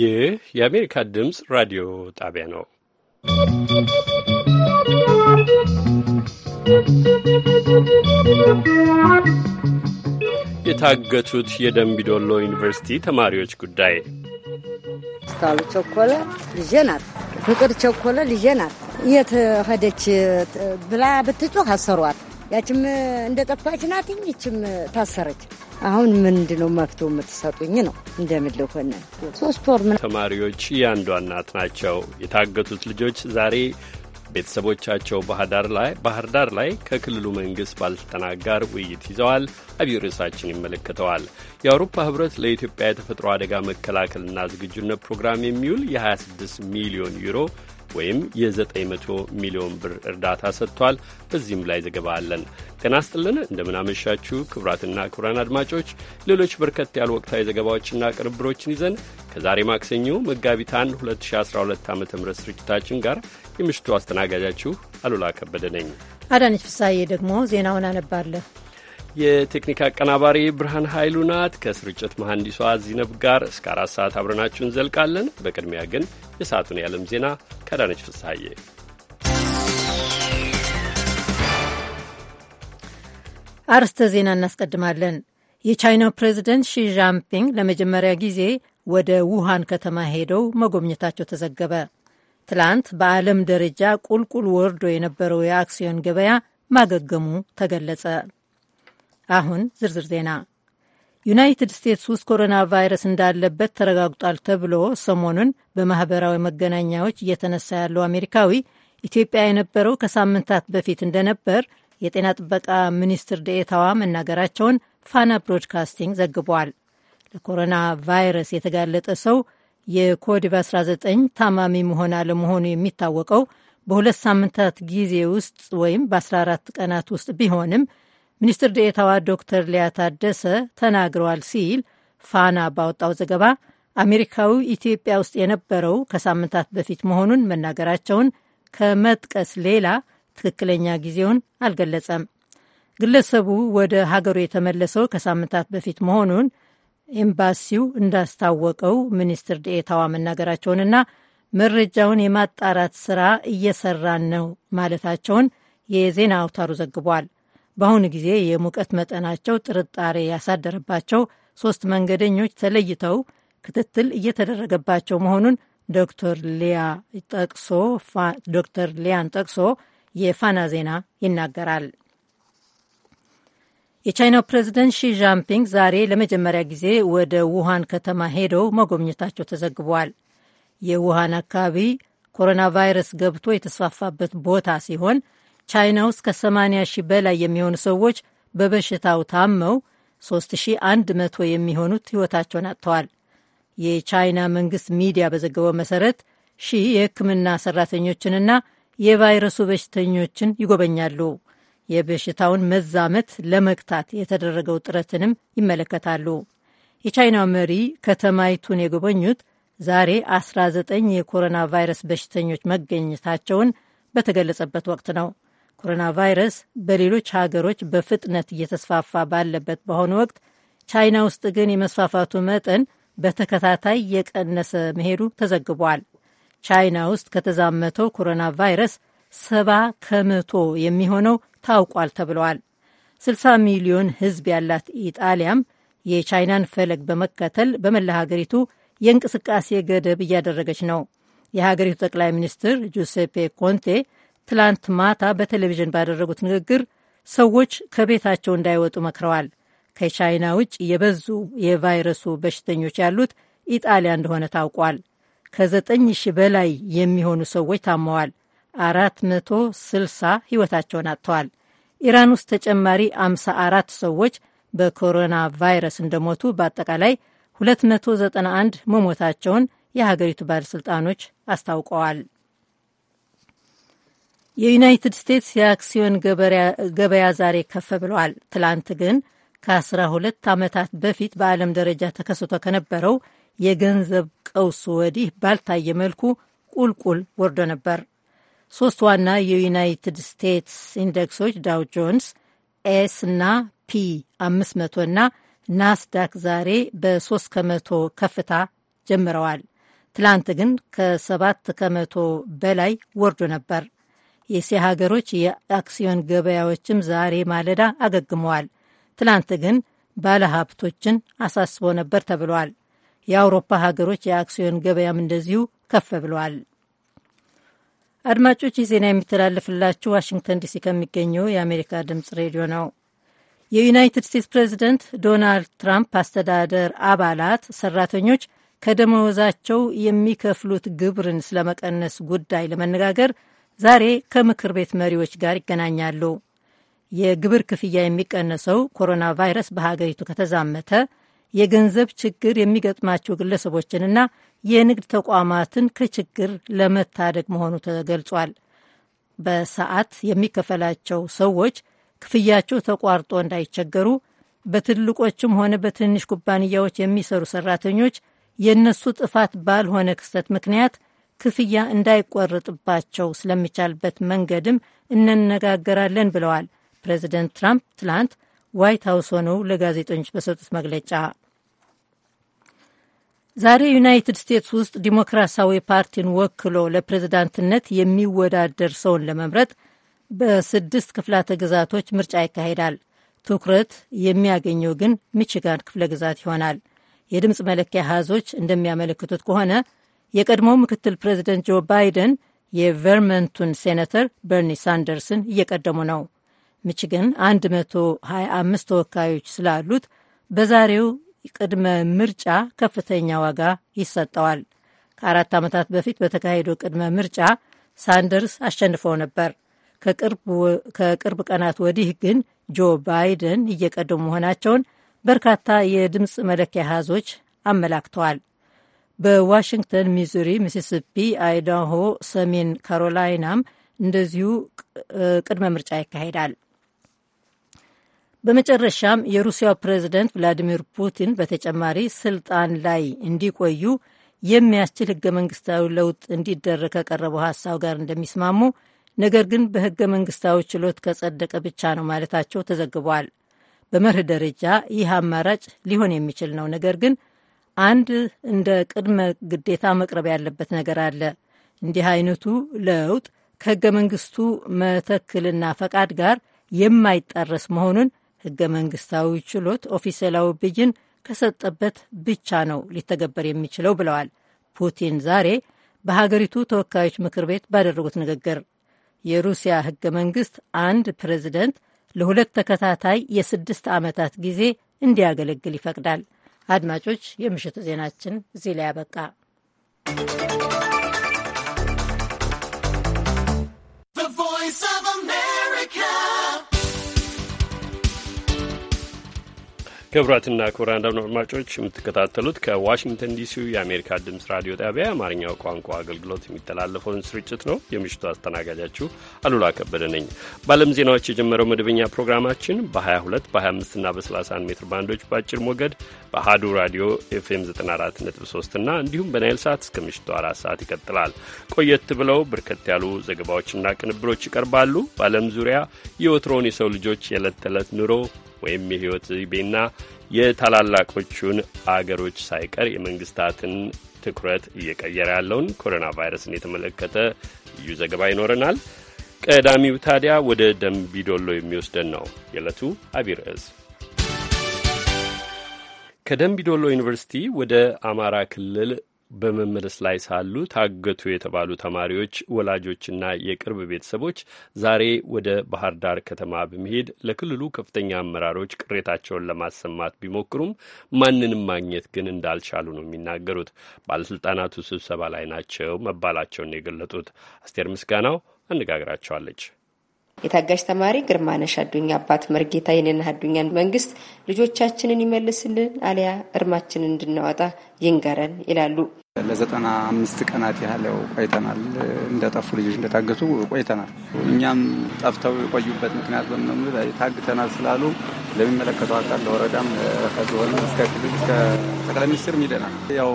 ይህ የአሜሪካ ድምፅ ራዲዮ ጣቢያ ነው። የታገቱት የደምቢዶሎ ዩኒቨርሲቲ ተማሪዎች ጉዳይ ስታሉ ቸኮለ ልጄ ናት፣ ፍቅር ቸኮለ ልጄ ናት፣ የት ሄደች ብላ ብትጮህ አሰሯት። ያችም እንደ ጠፋች ናት፣ ይችም ታሰረች። አሁን ምንድ ነው መፍቶ የምትሰጡኝ ነው እንደምን ሶስት ወር ተማሪዎች የአንዷ እናት ናቸው የታገቱት ልጆች ዛሬ ቤተሰቦቻቸው ባህር ዳር ላይ ከክልሉ መንግሥት ባለሥልጣናት ጋር ውይይት ይዘዋል። አብይ ርዕሳችን ይመለከተዋል። የአውሮፓ ኅብረት ለኢትዮጵያ የተፈጥሮ አደጋ መከላከልና ዝግጁነት ፕሮግራም የሚውል የ26 ሚሊዮን ዩሮ ወይም የ900 ሚሊዮን ብር እርዳታ ሰጥቷል። በዚህም ላይ ዘገባ አለን። ጤና ስጥልን፣ እንደምናመሻችሁ ክቡራትና ክቡራን አድማጮች ሌሎች በርከት ያሉ ወቅታዊ ዘገባዎችና ቅንብሮችን ይዘን ከዛሬ ማክሰኞ መጋቢት 1 2012 ዓ ም ስርጭታችን ጋር የምሽቱ አስተናጋጃችሁ አሉላ ከበደ ነኝ። አዳነች ፍሳዬ ደግሞ ዜናውን አነባለሁ። የቴክኒክ አቀናባሪ ብርሃን ኃይሉ ናት። ከስርጭት መሐንዲሷ ዚነብ ጋር እስከ አራት ሰዓት አብረናችሁ እንዘልቃለን። በቅድሚያ ግን የሰዓቱን የዓለም ዜና ከዳነች ፍስሐዬ። አርስተ ዜና እናስቀድማለን። የቻይናው ፕሬዚደንት ሺ ለመጀመሪያ ጊዜ ወደ ውሃን ከተማ ሄደው መጎብኘታቸው ተዘገበ። ትላንት በዓለም ደረጃ ቁልቁል ወርዶ የነበረው የአክሲዮን ገበያ ማገገሙ ተገለጸ። አሁን ዝርዝር ዜና። ዩናይትድ ስቴትስ ውስጥ ኮሮና ቫይረስ እንዳለበት ተረጋግጧል ተብሎ ሰሞኑን በማህበራዊ መገናኛዎች እየተነሳ ያለው አሜሪካዊ ኢትዮጵያ የነበረው ከሳምንታት በፊት እንደነበር የጤና ጥበቃ ሚኒስትር ደኤታዋ መናገራቸውን ፋና ብሮድካስቲንግ ዘግቧል። ለኮሮና ቫይረስ የተጋለጠ ሰው የኮቪድ 19 ታማሚ መሆን አለመሆኑ የሚታወቀው በሁለት ሳምንታት ጊዜ ውስጥ ወይም በ14 ቀናት ውስጥ ቢሆንም ሚኒስትር ዴኤታዋ ዶክተር ሊያ ታደሰ ተናግረዋል ሲል ፋና ባወጣው ዘገባ አሜሪካዊ ኢትዮጵያ ውስጥ የነበረው ከሳምንታት በፊት መሆኑን መናገራቸውን ከመጥቀስ ሌላ ትክክለኛ ጊዜውን አልገለጸም። ግለሰቡ ወደ ሀገሩ የተመለሰው ከሳምንታት በፊት መሆኑን ኤምባሲው እንዳስታወቀው ሚኒስትር ዴኤታዋ መናገራቸውንና መረጃውን የማጣራት ስራ እየሰራን ነው ማለታቸውን የዜና አውታሩ ዘግቧል። በአሁኑ ጊዜ የሙቀት መጠናቸው ጥርጣሬ ያሳደረባቸው ሶስት መንገደኞች ተለይተው ክትትል እየተደረገባቸው መሆኑን ዶክተር ሊያ ጠቅሶ ዶክተር ሊያን ጠቅሶ የፋና ዜና ይናገራል። የቻይናው ፕሬዚደንት ሺ ዛሬ ለመጀመሪያ ጊዜ ወደ ውሃን ከተማ ሄደው መጎብኘታቸው ተዘግቧል። የውሃን አካባቢ ኮሮና ቫይረስ ገብቶ የተስፋፋበት ቦታ ሲሆን ቻይና ውስጥ ከ80 ሺህ በላይ የሚሆኑ ሰዎች በበሽታው ታመው 3100 የሚሆኑት ሕይወታቸውን አጥተዋል። የቻይና መንግሥት ሚዲያ በዘገበው መሠረት ሺህ የሕክምና ሠራተኞችንና የቫይረሱ በሽተኞችን ይጎበኛሉ። የበሽታውን መዛመት ለመግታት የተደረገው ጥረትንም ይመለከታሉ። የቻይናው መሪ ከተማይቱን የጎበኙት ዛሬ 19 የኮሮና ቫይረስ በሽተኞች መገኘታቸውን በተገለጸበት ወቅት ነው። ኮሮና ቫይረስ በሌሎች ሀገሮች በፍጥነት እየተስፋፋ ባለበት በአሁኑ ወቅት ቻይና ውስጥ ግን የመስፋፋቱ መጠን በተከታታይ የቀነሰ መሄዱ ተዘግቧል። ቻይና ውስጥ ከተዛመተው ኮሮና ቫይረስ ሰባ ከመቶ የሚሆነው ታውቋል ተብለዋል። 60 ሚሊዮን ሕዝብ ያላት ኢጣሊያም የቻይናን ፈለግ በመከተል በመላ ሀገሪቱ የእንቅስቃሴ ገደብ እያደረገች ነው። የሀገሪቱ ጠቅላይ ሚኒስትር ጁሴፔ ኮንቴ ትላንት ማታ በቴሌቪዥን ባደረጉት ንግግር ሰዎች ከቤታቸው እንዳይወጡ መክረዋል። ከቻይና ውጭ የበዙ የቫይረሱ በሽተኞች ያሉት ኢጣሊያ እንደሆነ ታውቋል። ከዘጠኝ ሺህ በላይ የሚሆኑ ሰዎች ታመዋል። አራት መቶ ስልሳ ሕይወታቸውን አጥተዋል። ኢራን ውስጥ ተጨማሪ አምሳ አራት ሰዎች በኮሮና ቫይረስ እንደሞቱ በአጠቃላይ 291 መሞታቸውን የሀገሪቱ ባለሥልጣኖች አስታውቀዋል። የዩናይትድ ስቴትስ የአክሲዮን ገበያ ዛሬ ከፍ ብለዋል። ትላንት ግን ከ12 ዓመታት በፊት በዓለም ደረጃ ተከስቶ ከነበረው የገንዘብ ቀውስ ወዲህ ባልታየ መልኩ ቁልቁል ወርዶ ነበር። ሶስት ዋና የዩናይትድ ስቴትስ ኢንደክሶች ዳው ጆንስ፣ ኤስ እና ፒ 500 እና ናስዳክ ዛሬ በ3 ከመቶ ከፍታ ጀምረዋል። ትላንት ግን ከ7 ከመቶ በላይ ወርዶ ነበር። የእስያ ሀገሮች የአክሲዮን ገበያዎችም ዛሬ ማለዳ አገግመዋል። ትላንት ግን ባለ ሀብቶችን አሳስቦ ነበር ተብሏል። የአውሮፓ ሀገሮች የአክሲዮን ገበያም እንደዚሁ ከፍ ብለዋል። አድማጮች፣ ይህ ዜና የሚተላለፍላችሁ ዋሽንግተን ዲሲ ከሚገኘው የአሜሪካ ድምጽ ሬዲዮ ነው። የዩናይትድ ስቴትስ ፕሬዚደንት ዶናልድ ትራምፕ አስተዳደር አባላት ሰራተኞች ከደመወዛቸው የሚከፍሉት ግብርን ስለመቀነስ ጉዳይ ለመነጋገር ዛሬ ከምክር ቤት መሪዎች ጋር ይገናኛሉ። የግብር ክፍያ የሚቀነሰው ኮሮና ቫይረስ በሀገሪቱ ከተዛመተ የገንዘብ ችግር የሚገጥማቸው ግለሰቦችንና የንግድ ተቋማትን ከችግር ለመታደግ መሆኑ ተገልጿል። በሰዓት የሚከፈላቸው ሰዎች ክፍያቸው ተቋርጦ እንዳይቸገሩ፣ በትልቆችም ሆነ በትንሽ ኩባንያዎች የሚሰሩ ሰራተኞች የእነሱ ጥፋት ባልሆነ ክስተት ምክንያት ክፍያ እንዳይቋረጥባቸው ስለሚቻልበት መንገድም እንነጋገራለን ብለዋል ፕሬዚደንት ትራምፕ ትላንት ዋይት ሀውስ ሆነው ለጋዜጠኞች በሰጡት መግለጫ። ዛሬ ዩናይትድ ስቴትስ ውስጥ ዲሞክራሲያዊ ፓርቲን ወክሎ ለፕሬዝዳንትነት የሚወዳደር ሰውን ለመምረጥ በስድስት ክፍላተ ግዛቶች ምርጫ ይካሄዳል። ትኩረት የሚያገኘው ግን ሚችጋን ክፍለ ግዛት ይሆናል። የድምፅ መለኪያ ሀዞች እንደሚያመለክቱት ከሆነ የቀድሞው ምክትል ፕሬዚደንት ጆ ባይደን የቨርመንቱን ሴኔተር በርኒ ሳንደርስን እየቀደሙ ነው። ሚችገን 125 ተወካዮች ስላሉት በዛሬው ቅድመ ምርጫ ከፍተኛ ዋጋ ይሰጠዋል። ከአራት ዓመታት በፊት በተካሄደው ቅድመ ምርጫ ሳንደርስ አሸንፈው ነበር። ከቅርብ ቀናት ወዲህ ግን ጆ ባይደን እየቀደሙ መሆናቸውን በርካታ የድምፅ መለኪያ አሃዞች አመላክተዋል። በዋሽንግተን፣ ሚዙሪ፣ ሚሲሲፒ፣ አይዳሆ፣ ሰሜን ካሮላይናም እንደዚሁ ቅድመ ምርጫ ይካሄዳል። በመጨረሻም የሩሲያው ፕሬዝደንት ቭላዲሚር ፑቲን በተጨማሪ ስልጣን ላይ እንዲቆዩ የሚያስችል ህገ መንግስታዊ ለውጥ እንዲደረግ ከቀረበው ሀሳብ ጋር እንደሚስማሙ ነገር ግን በህገ መንግስታዊ ችሎት ከጸደቀ ብቻ ነው ማለታቸው ተዘግቧል። በመርህ ደረጃ ይህ አማራጭ ሊሆን የሚችል ነው፣ ነገር ግን አንድ እንደ ቅድመ ግዴታ መቅረብ ያለበት ነገር አለ። እንዲህ አይነቱ ለውጥ ከህገ መንግስቱ መተክልና ፈቃድ ጋር የማይጣረስ መሆኑን ህገ መንግስታዊ ችሎት ኦፊሴላዊ ብይን ከሰጠበት ብቻ ነው ሊተገበር የሚችለው ብለዋል ፑቲን ዛሬ በሀገሪቱ ተወካዮች ምክር ቤት ባደረጉት ንግግር። የሩሲያ ህገ መንግስት አንድ ፕሬዚደንት ለሁለት ተከታታይ የስድስት ዓመታት ጊዜ እንዲያገለግል ይፈቅዳል። አድማጮች፣ የምሽቱ ዜናችን እዚህ ላይ አበቃ ክቡራትና ክቡራን አድማጮች የምትከታተሉት ከዋሽንግተን ዲሲው የአሜሪካ ድምፅ ራዲዮ ጣቢያ የአማርኛው ቋንቋ አገልግሎት የሚተላለፈውን ስርጭት ነው። የምሽቱ አስተናጋጃችሁ አሉላ ከበደ ነኝ። በዓለም ዜናዎች የጀመረው መደበኛ ፕሮግራማችን በ22 በ25 እና በ31 ሜትር ባንዶች በአጭር ሞገድ በአሀዱ ራዲዮ ኤፍኤም 94.3 እና እንዲሁም በናይል ሰዓት እስከ ምሽቱ አራት ሰዓት ይቀጥላል። ቆየት ብለው በርከት ያሉ ዘገባዎችና ቅንብሮች ይቀርባሉ። በዓለም ዙሪያ የወትሮውን የሰው ልጆች የዕለት ተዕለት ኑሮ ወይም የህይወት ዘይቤና የታላላቆቹን አገሮች ሳይቀር የመንግስታትን ትኩረት እየቀየረ ያለውን ኮሮና ቫይረስን የተመለከተ ልዩ ዘገባ ይኖረናል። ቀዳሚው ታዲያ ወደ ደምቢዶሎ የሚወስደን ነው። የዕለቱ አቢይ ርዕስ ከደምቢዶሎ ዩኒቨርሲቲ ወደ አማራ ክልል በመመለስ ላይ ሳሉ ታገቱ የተባሉ ተማሪዎች ወላጆችና የቅርብ ቤተሰቦች ዛሬ ወደ ባህር ዳር ከተማ በመሄድ ለክልሉ ከፍተኛ አመራሮች ቅሬታቸውን ለማሰማት ቢሞክሩም ማንንም ማግኘት ግን እንዳልቻሉ ነው የሚናገሩት። ባለስልጣናቱ ስብሰባ ላይ ናቸው መባላቸውን የገለጡት አስቴር ምስጋናው አነጋግራቸዋለች። የታጋሽ ተማሪ ግርማነሽ አዱኛ አባት መርጌታ የኔነህ አዱኛን መንግስት ልጆቻችንን ይመልስልን አሊያ እርማችንን እንድናወጣ ይንገረን ይላሉ። ለዘጠና አምስት ቀናት ያህል ቆይተናል። እንደጠፉ ልጆች እንደታገቱ ቆይተናል። እኛም ጠፍተው የቆዩበት ምክንያት በምነሙ ታግተናል ስላሉ ለሚመለከተው አካል ለወረዳም፣ ከዞን እስከ ክልል እስከ ጠቅላይ ሚኒስትር ሚደናል ያው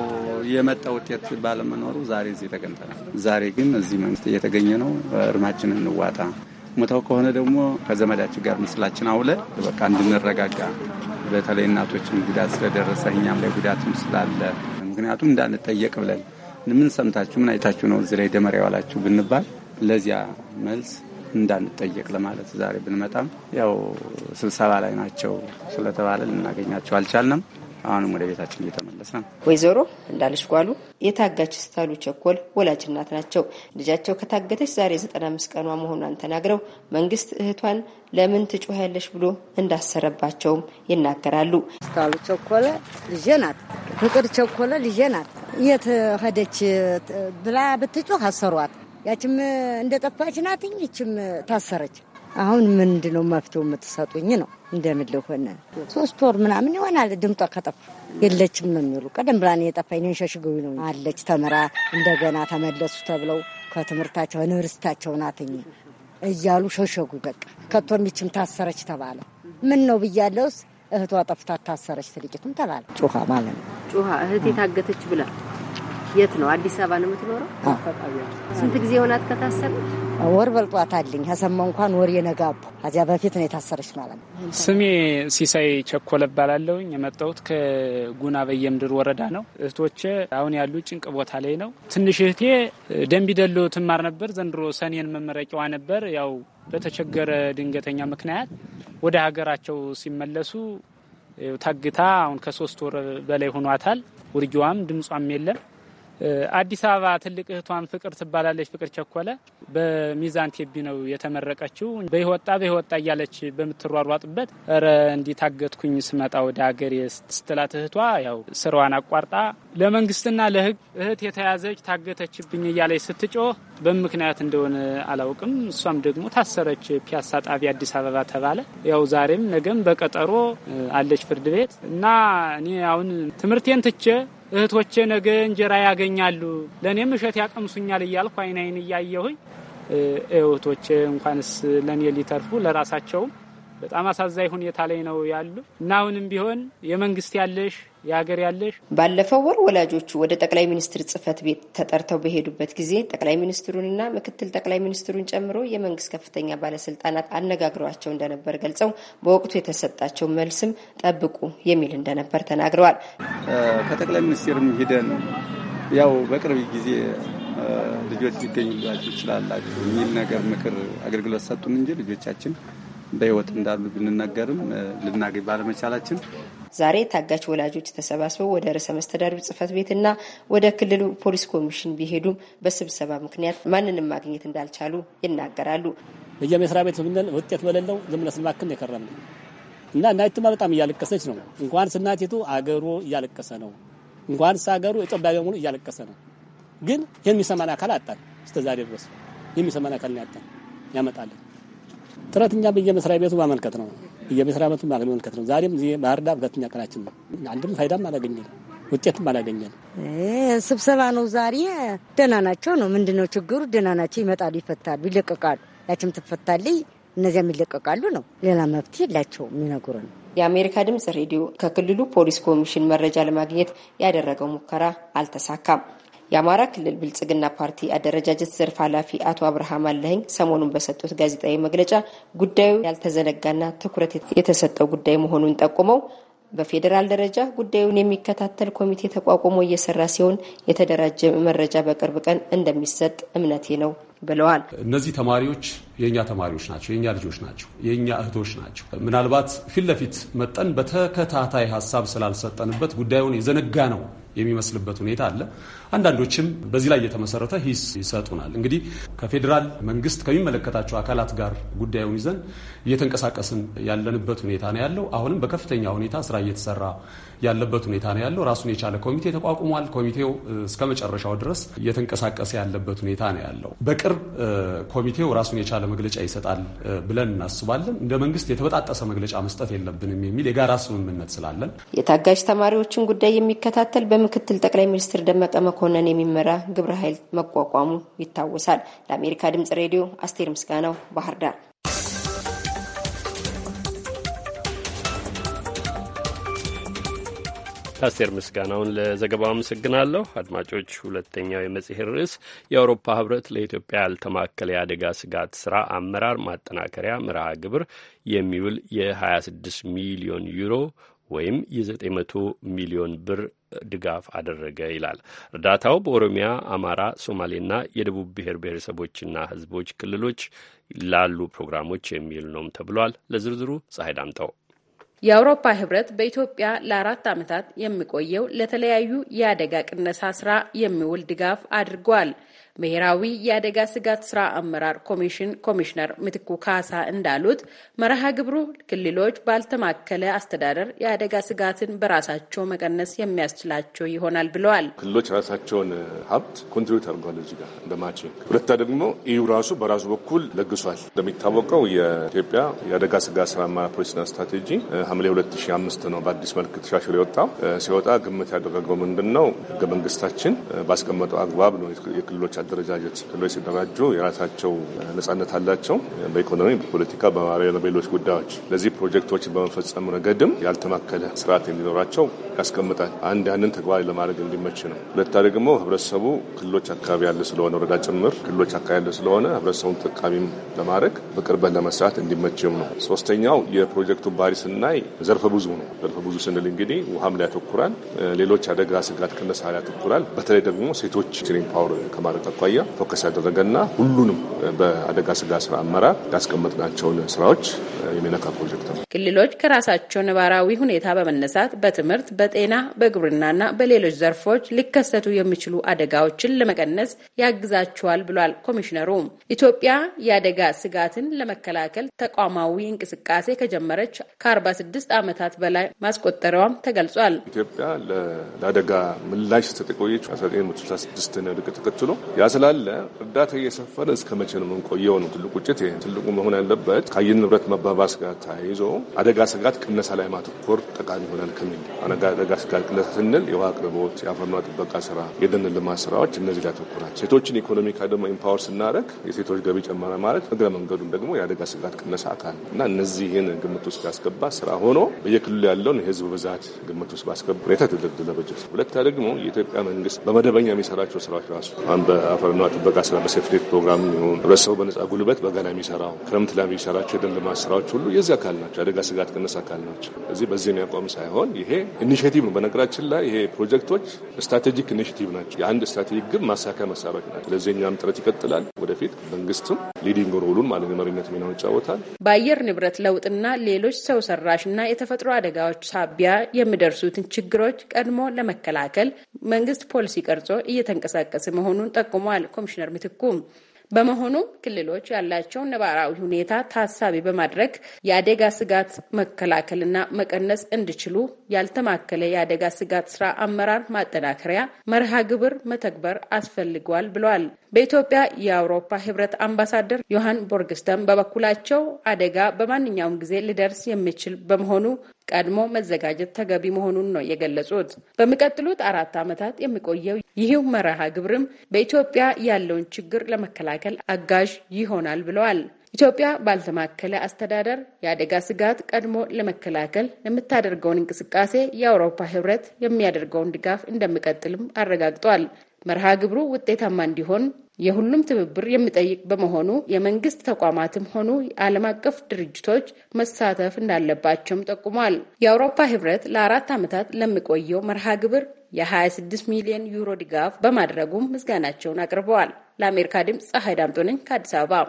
የመጣ ውጤት ባለመኖሩ ዛሬ እዚህ ተገኝተናል። ዛሬ ግን እዚህ መንግስት እየተገኘ ነው። እርማችንን እንዋጣ ሞታው ከሆነ ደግሞ ከዘመዳችሁ ጋር ምስላችን አውለ በቃ እንድንረጋጋ በተለይ እናቶችን ጉዳት ስለደረሰ እኛም ላይ ጉዳትም ስላለ ምክንያቱም እንዳንጠየቅ ብለን ምን ሰምታችሁ ምን አይታችሁ ነው እዚህ ላይ ደመራ የዋላችሁ ብንባል ለዚያ መልስ እንዳንጠየቅ ለማለት ዛሬ ብንመጣም ያው ስብሰባ ላይ ናቸው ስለተባለ ልናገኛቸው አልቻልንም። አሁንም ወደ ቤታችን እየተመለስ ነው። ወይዘሮ እንዳለች ጓሉ የታጋች ስታሉ ቸኮል ወላጅ እናት ናቸው። ልጃቸው ከታገተች ዛሬ 95 ቀኗ መሆኗን ተናግረው መንግስት እህቷን ለምን ትጮኸለሽ ብሎ እንዳሰረባቸውም ይናገራሉ። ስታሉ ቸኮለ ልጄ ናት፣ ፍቅር ቸኮለ ልጄ ናት። የት ሄደች ብላ ብትጮህ አሰሯት። ያችም ጠፋች ናት፣ ይችም ታሰረች። አሁን ምንድ ነው መፍትሄው የምትሰጡኝ ነው? እንደምን ልሆን ሶስት ወር ምናምን ይሆናል ድምጧ ከጠፋ የለችም ነው የሚሉ ቀደም ብላ የጠፋ እኔን ሸሽገው ነው አለች ተምራ እንደገና ተመለሱ ተብለው ከትምህርታቸው ንብርስታቸው ናትኝ እያሉ ሸሸጉ። በቃ ከቶ ሚችም ታሰረች ተባለ። ምን ነው ብያለውስ እህቷ ጠፍታ ታሰረች ትልቂቱም ተባለ። ጩሃ ማለት ነው ጩሃ እህቴ ታገተች ብላ የት ነው? አዲስ አበባ ነው የምትኖረው? ስንት ጊዜ ሆናት ከታሰረች? ወር በልጧታልኝ። ከሰማ እንኳን ወር የነጋቡ ከዚያ በፊት ነው የታሰረች ማለት ነው። ስሜ ሲሳይ ቸኮለ እባላለሁኝ። የመጣሁት ከጉና በየምድር ወረዳ ነው። እህቶቼ አሁን ያሉ ጭንቅ ቦታ ላይ ነው። ትንሽ እህቴ ደንቢ ደሎ ትማር ነበር። ዘንድሮ ሰኔን መመረቂዋ ነበር። ያው በተቸገረ ድንገተኛ ምክንያት ወደ ሀገራቸው ሲመለሱ ታግታ አሁን ከሶስት ወር በላይ ሆኗታል። ውርጊዋም ድምጿም የለም አዲስ አበባ ትልቅ እህቷን ፍቅር ትባላለች። ፍቅር ቸኮለ በሚዛን ቴቢ ነው የተመረቀችው። በይወጣ በይወጣ እያለች በምትሯሯጥበት ረ እንዲታገትኩኝ ስመጣ ወደ ሀገር ስትላት እህቷ ያው ስራዋን አቋርጣ ለመንግስትና ለህግ እህት የተያዘች ታገተችብኝ እያለች ስትጮ በምክንያት እንደሆነ አላውቅም። እሷም ደግሞ ታሰረች። ፒያሳ ጣቢያ አዲስ አበባ ተባለ። ያው ዛሬም ነገም በቀጠሮ አለች ፍርድ ቤት እና እኔ አሁን ትምህርቴን ትቼ እህቶቼ ነገ እንጀራ ያገኛሉ፣ ለእኔም እሸት ያቀምሱኛል እያልኩ አይን አይን እያየሁኝ እህቶቼ እንኳንስ ለእኔ ሊተርፉ ለራሳቸውም በጣም አሳዛኝ ሁኔታ ላይ ነው ያሉ እና አሁንም ቢሆን የመንግስት ያለሽ የሀገር ያለሽ። ባለፈው ወር ወላጆቹ ወደ ጠቅላይ ሚኒስትር ጽህፈት ቤት ተጠርተው በሄዱበት ጊዜ ጠቅላይ ሚኒስትሩንና ምክትል ጠቅላይ ሚኒስትሩን ጨምሮ የመንግስት ከፍተኛ ባለስልጣናት አነጋግሯቸው እንደነበር ገልጸው በወቅቱ የተሰጣቸው መልስም ጠብቁ የሚል እንደነበር ተናግረዋል። ከጠቅላይ ሚኒስትርም ሂደን ያው በቅርብ ጊዜ ልጆች ሊገኙላችሁ ይችላላችሁ የሚል ነገር ምክር አገልግሎት ሰጡን እንጂ ልጆቻችን በህይወት እንዳሉ ብንነገርም ልናገኝ ባለመቻላችን ዛሬ ታጋች ወላጆች ተሰባስበው ወደ ርዕሰ መስተዳድሩ ጽህፈት ቤትና ወደ ክልሉ ፖሊስ ኮሚሽን ቢሄዱም በስብሰባ ምክንያት ማንንም ማግኘት እንዳልቻሉ ይናገራሉ። በየመስሪያ ቤት ብንል ውጤት በሌለው ዝም ብለን ስንባክን የከረምን እና እናይትማ በጣም እያለቀሰች ነው። እንኳን ስናቴቱ አገሩ እያለቀሰ ነው። እንኳን ሳገሩ የጠባቢ በሙሉ እያለቀሰ ነው። ግን የሚሰማን አካል አጣን። እስከ ድረስ የሚሰማን አካል ነው ያጣን። ያመጣለን ጥረት እኛ በየመስሪያ ቤቱ ማመልከት ነው። በየመስሪያ ቤቱ ማመልከት ነው። ዛሬም እዚህ ባህር ዳር ሁለተኛ ቀናችን ነው። አንድም ፋይዳም አላገኘንም፣ ውጤትም አላገኘንም። ስብሰባ ነው ዛሬ። ደህና ናቸው ነው ምንድነው ችግሩ? ደህና ናቸው። ይመጣሉ፣ ይፈታሉ፣ ይለቀቃሉ። ያችም ትፈታለች፣ እነዚያም ይለቀቃሉ ነው። ሌላ መብት የሚነግሩ ነው። የአሜሪካ ድምጽ ሬዲዮ ከክልሉ ፖሊስ ኮሚሽን መረጃ ለማግኘት ያደረገው ሙከራ አልተሳካም። የአማራ ክልል ብልጽግና ፓርቲ አደረጃጀት ዘርፍ ኃላፊ አቶ አብርሃም አለኸኝ ሰሞኑን በሰጡት ጋዜጣዊ መግለጫ ጉዳዩ ያልተዘነጋና ትኩረት የተሰጠው ጉዳይ መሆኑን ጠቁመው በፌዴራል ደረጃ ጉዳዩን የሚከታተል ኮሚቴ ተቋቁሞ እየሰራ ሲሆን የተደራጀ መረጃ በቅርብ ቀን እንደሚሰጥ እምነቴ ነው ብለዋል። እነዚህ ተማሪዎች የእኛ ተማሪዎች ናቸው፣ የእኛ ልጆች ናቸው፣ የእኛ እህቶች ናቸው። ምናልባት ፊት ለፊት መጠን በተከታታይ ሀሳብ ስላልሰጠንበት ጉዳዩን የዘነጋ ነው የሚመስልበት ሁኔታ አለ። አንዳንዶችም በዚህ ላይ የተመሰረተ ሂስ ይሰጡናል። እንግዲህ ከፌዴራል መንግስት ከሚመለከታቸው አካላት ጋር ጉዳዩን ይዘን እየተንቀሳቀስን ያለንበት ሁኔታ ነው ያለው። አሁንም በከፍተኛ ሁኔታ ስራ እየተሰራ ያለበት ሁኔታ ነው ያለው። ራሱን የቻለ ኮሚቴ ተቋቁሟል። ኮሚቴው እስከ መጨረሻው ድረስ እየተንቀሳቀሰ ያለበት ሁኔታ ነው ያለው። በቅርብ ኮሚቴው ራሱን የቻለ መግለጫ ይሰጣል ብለን እናስባለን። እንደ መንግስት የተበጣጠሰ መግለጫ መስጠት የለብንም የሚል የጋራ ስምምነት ስላለን የታጋጅ ተማሪዎችን ጉዳይ የሚከታተል በምክትል ጠቅላይ ሚኒስትር ደመቀ መኮንን የሚመራ ግብረ ኃይል መቋቋሙ ይታወሳል። ለአሜሪካ ድምጽ ሬዲዮ አስቴር ምስጋናው ባህር ዳር። አስቴር ምስጋናውን ለዘገባው አመሰግናለሁ። አድማጮች፣ ሁለተኛው የመጽሔት ርዕስ የአውሮፓ ህብረት ለኢትዮጵያ ያልተማከለ የአደጋ ስጋት ስራ አመራር ማጠናከሪያ መርሃ ግብር የሚውል የ26 ሚሊዮን ዩሮ ወይም የ900 ሚሊዮን ብር ድጋፍ አደረገ ይላል። እርዳታው በኦሮሚያ፣ አማራ፣ ሶማሌና የደቡብ ብሔር ብሔረሰቦችና ህዝቦች ክልሎች ላሉ ፕሮግራሞች የሚል ነውም ተብሏል። ለዝርዝሩ ፀሐይ ዳምጠው የአውሮፓ ህብረት በኢትዮጵያ ለአራት ዓመታት የሚቆየው ለተለያዩ የአደጋ ቅነሳ ስራ የሚውል ድጋፍ አድርጓል። ብሔራዊ የአደጋ ስጋት ስራ አመራር ኮሚሽን ኮሚሽነር ምትኩ ካሳ እንዳሉት መርሃ ግብሩ ክልሎች ባልተማከለ አስተዳደር የአደጋ ስጋትን በራሳቸው መቀነስ የሚያስችላቸው ይሆናል ብለዋል። ክልሎች ራሳቸውን ሀብት ኮንትሪት አድርጓል እዚህ ጋር እንደማች ሁለታ ደግሞ ኢዩ ራሱ በራሱ በኩል ለግሷል። እንደሚታወቀው የኢትዮጵያ የአደጋ ስጋት ስራ አመራር ፖሊሲና ስትራቴጂ ሐምሌ 2005 ነው በአዲስ መልክ ተሻሽሎ የወጣው። ሲወጣ ግምት ያደረገው ምንድን ነው? ህገ መንግስታችን ባስቀመጠው አግባብ ነው የክልሎች አደረጃጀት ክልሎች ሲደራጁ የራሳቸው ነጻነት አላቸው። በኢኮኖሚ፣ በፖለቲካ፣ በማህበራዊና በሌሎች ጉዳዮች ለዚህ ፕሮጀክቶችን በመፈጸሙ ረገድም ያልተማከለ ስርዓት እንዲኖራቸው ያስቀምጣል። አንድ ያንን ተግባራዊ ለማድረግ እንዲመች ነው። ሁለታ ደግሞ ህብረተሰቡ ክልሎች አካባቢ ያለ ስለሆነ ወረዳ ጭምር ክልሎች አካባቢ ያለ ስለሆነ ህብረተሰቡን ተጠቃሚም ለማድረግ በቅርበት ለመስራት እንዲመችም ነው። ሶስተኛው የፕሮጀክቱ ባህሪ ስናይ ዘርፈ ብዙ ነው። ዘርፈ ብዙ ስንል እንግዲህ ውሃም ላይ ያተኩራል። ሌሎች አደጋ ስጋት ቅነሳ ላይ ያተኩራል። በተለይ ደግሞ ሴቶች ኢምፓወር ከማድረግ አኳያ ፎከስ ያደረገና ሁሉንም በአደጋ ስጋት ስራ አመራር ያስቀመጥናቸውን ስራዎች የሚነካ ፕሮጀክት ነው። ክልሎች ከራሳቸው ነባራዊ ሁኔታ በመነሳት በትምህርት፣ በጤና፣ በግብርናና በሌሎች ዘርፎች ሊከሰቱ የሚችሉ አደጋዎችን ለመቀነስ ያግዛቸዋል ብሏል ኮሚሽነሩ። ኢትዮጵያ የአደጋ ስጋትን ለመከላከል ተቋማዊ እንቅስቃሴ ከጀመረች ከ46 ዓመታት በላይ ማስቆጠሪያዋም ተገልጿል። ኢትዮጵያ ለአደጋ ምላሽ ስትቆየች 1966 ድቅ ተከትሎ ስላለ እርዳታ እየሰፈረ እስከ መቼ ነው የምንቆየው? ነው ትልቁ ውጭት። ትልቁ መሆን ያለበት ከአየር ንብረት መባባስ ጋር ተያይዞ አደጋ ስጋት ቅነሳ ላይ ማተኮር ጠቃሚ ይሆናል ከሚል አደጋ ስጋት ቅነሳ ስንል የውሃ አቅርቦት፣ የአፈርና ጥበቃ ስራ፣ የደን ልማት ስራዎች እነዚህ ላይ ያተኮራል። ሴቶችን ኢኮኖሚካ ደግሞ ኢምፓወር ስናደረግ የሴቶች ገቢ ጨመረ ማለት እግረ መንገዱን ደግሞ የአደጋ ስጋት ቅነሳ አካል እና እነዚህን ግምት ውስጥ ያስገባ ስራ ሆኖ በየክልሉ ያለውን የህዝብ ብዛት ግምት ውስጥ ባስገባ ሁኔታ ተደርድለ በጀት። ሁለተኛ ደግሞ የኢትዮጵያ መንግስት በመደበኛ የሚሰራቸው ስራዎች ራሱ አፈርና ጥበቃ ስራ በሴፍትኔት ፕሮግራም ይሁን ህብረተሰቡ በነጻ ጉልበት በገና የሚሰራው ክረምት ላይ የሚሰራቸው የደን ልማት ስራዎች ሁሉ የዚህ አካል ናቸው። አደጋ ስጋት ቅነስ አካል ናቸው። እዚህ በዚህ የሚያቆም ሳይሆን ይሄ ኢኒሽቲቭ ነው። በነገራችን ላይ ይሄ ፕሮጀክቶች ስትራቴጂክ ኢኒሽቲቭ ናቸው። የአንድ ስትራቴጂክ ግብ ማሳካ መሳሪያዎች ናቸው። ስለዚህ እኛም ጥረት ይቀጥላል። ወደፊት መንግስትም ሊዲንግ ሮሉን ማለት የመሪነት ሚናውን ይጫወታል። በአየር ንብረት ለውጥና ሌሎች ሰው ሰራሽና የተፈጥሮ አደጋዎች ሳቢያ የሚደርሱትን ችግሮች ቀድሞ ለመከላከል መንግስት ፖሊሲ ቀርጾ እየተንቀሳቀሰ መሆኑን ጠቁሟል ኮሚሽነር ምትኩም በመሆኑም ክልሎች ያላቸውን ነባራዊ ሁኔታ ታሳቢ በማድረግ የአደጋ ስጋት መከላከልና መቀነስ እንዲችሉ ያልተማከለ የአደጋ ስጋት ስራ አመራር ማጠናከሪያ መርሃ ግብር መተግበር አስፈልገዋል ብለዋል። በኢትዮጵያ የአውሮፓ ህብረት አምባሳደር ዮሐን ቦርግስተም በበኩላቸው አደጋ በማንኛውም ጊዜ ሊደርስ የሚችል በመሆኑ ቀድሞ መዘጋጀት ተገቢ መሆኑን ነው የገለጹት። በሚቀጥሉት አራት ዓመታት የሚቆየው ይህው መርሃ ግብርም በኢትዮጵያ ያለውን ችግር ለመከላከል አጋዥ ይሆናል ብለዋል። ኢትዮጵያ ባልተማከለ አስተዳደር የአደጋ ስጋት ቀድሞ ለመከላከል የምታደርገውን እንቅስቃሴ የአውሮፓ ህብረት የሚያደርገውን ድጋፍ እንደሚቀጥልም አረጋግጧል። መርሃ ግብሩ ውጤታማ እንዲሆን የሁሉም ትብብር የሚጠይቅ በመሆኑ የመንግስት ተቋማትም ሆኑ የዓለም አቀፍ ድርጅቶች መሳተፍ እንዳለባቸውም ጠቁሟል። የአውሮፓ ህብረት ለአራት ዓመታት ለሚቆየው መርሃ ግብር የ26 ሚሊዮን ዩሮ ድጋፍ በማድረጉም ምስጋናቸውን አቅርበዋል። ለአሜሪካ ድምፅ ፀሐይ ዳምጦ ነኝ ከአዲስ አበባ።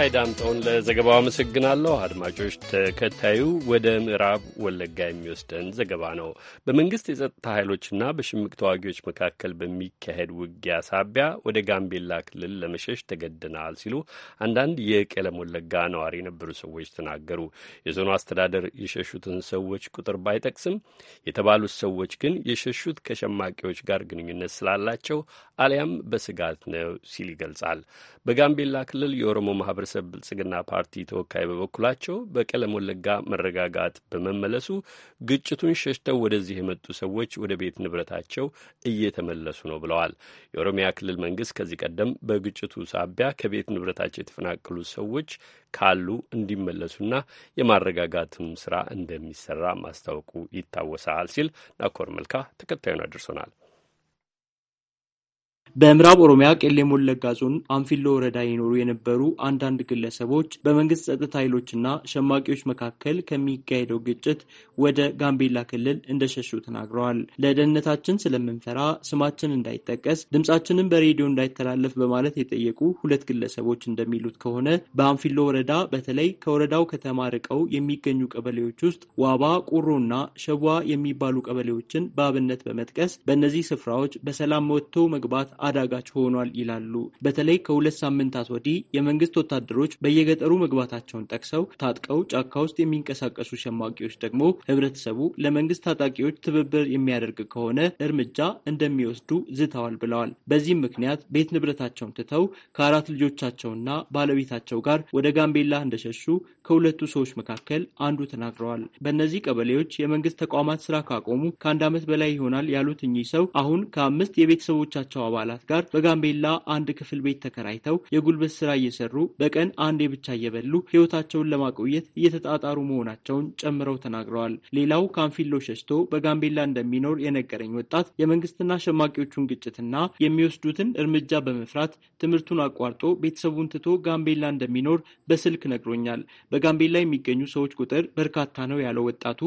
ፀሐይ ዳምጠውን ለዘገባው አመሰግናለሁ። አድማጮች፣ ተከታዩ ወደ ምዕራብ ወለጋ የሚወስደን ዘገባ ነው። በመንግስት የጸጥታ ኃይሎችና በሽምቅ ተዋጊዎች መካከል በሚካሄድ ውጊያ ሳቢያ ወደ ጋምቤላ ክልል ለመሸሽ ተገድናል ሲሉ አንዳንድ የቀለም ወለጋ ነዋሪ የነበሩ ሰዎች ተናገሩ። የዞኑ አስተዳደር የሸሹትን ሰዎች ቁጥር ባይጠቅስም የተባሉት ሰዎች ግን የሸሹት ከሸማቂዎች ጋር ግንኙነት ስላላቸው አሊያም በስጋት ነው ሲል ይገልጻል። በጋምቤላ ክልል የኦሮሞ ማህበረሰብ የመሰብ ብልጽግና ፓርቲ ተወካይ በበኩላቸው በቀለም ወለጋ መረጋጋት በመመለሱ ግጭቱን ሸሽተው ወደዚህ የመጡ ሰዎች ወደ ቤት ንብረታቸው እየተመለሱ ነው ብለዋል። የኦሮሚያ ክልል መንግስት ከዚህ ቀደም በግጭቱ ሳቢያ ከቤት ንብረታቸው የተፈናቀሉ ሰዎች ካሉ እንዲመለሱና የማረጋጋትም ስራ እንደሚሰራ ማስታወቁ ይታወሳል ሲል ናኮር መልካ ተከታዩን አድርሶናል። በምዕራብ ኦሮሚያ ቄለም ወለጋ ዞን አንፊሎ ወረዳ ይኖሩ የነበሩ አንዳንድ ግለሰቦች በመንግስት ጸጥታ ኃይሎችና ሸማቂዎች መካከል ከሚካሄደው ግጭት ወደ ጋምቤላ ክልል እንደሸሹ ተናግረዋል። ለደህንነታችን ስለምንፈራ ስማችን እንዳይጠቀስ ድምፃችንን በሬዲዮ እንዳይተላለፍ በማለት የጠየቁ ሁለት ግለሰቦች እንደሚሉት ከሆነ በአንፊሎ ወረዳ በተለይ ከወረዳው ከተማ ርቀው የሚገኙ ቀበሌዎች ውስጥ ዋባ፣ ቁሮና ሸቧ የሚባሉ ቀበሌዎችን በአብነት በመጥቀስ በእነዚህ ስፍራዎች በሰላም ወጥቶ መግባት አዳጋች ሆኗል ይላሉ። በተለይ ከሁለት ሳምንታት ወዲህ የመንግስት ወታደሮች በየገጠሩ መግባታቸውን ጠቅሰው ታጥቀው ጫካ ውስጥ የሚንቀሳቀሱ ሸማቂዎች ደግሞ ህብረተሰቡ ለመንግስት ታጣቂዎች ትብብር የሚያደርግ ከሆነ እርምጃ እንደሚወስዱ ዝተዋል ብለዋል። በዚህም ምክንያት ቤት ንብረታቸውን ትተው ከአራት ልጆቻቸውና ባለቤታቸው ጋር ወደ ጋምቤላ እንደሸሹ ከሁለቱ ሰዎች መካከል አንዱ ተናግረዋል። በእነዚህ ቀበሌዎች የመንግስት ተቋማት ስራ ካቆሙ ከአንድ ዓመት በላይ ይሆናል ያሉት እኚህ ሰው አሁን ከአምስት የቤተሰቦቻቸው አባላት አባላት ጋር በጋምቤላ አንድ ክፍል ቤት ተከራይተው የጉልበት ስራ እየሰሩ በቀን አንዴ ብቻ እየበሉ ህይወታቸውን ለማቆየት እየተጣጣሩ መሆናቸውን ጨምረው ተናግረዋል። ሌላው ካንፊሎ ሸሽቶ በጋምቤላ እንደሚኖር የነገረኝ ወጣት የመንግስትና ሸማቂዎቹን ግጭትና የሚወስዱትን እርምጃ በመፍራት ትምህርቱን አቋርጦ ቤተሰቡን ትቶ ጋምቤላ እንደሚኖር በስልክ ነግሮኛል። በጋምቤላ የሚገኙ ሰዎች ቁጥር በርካታ ነው ያለው ወጣቱ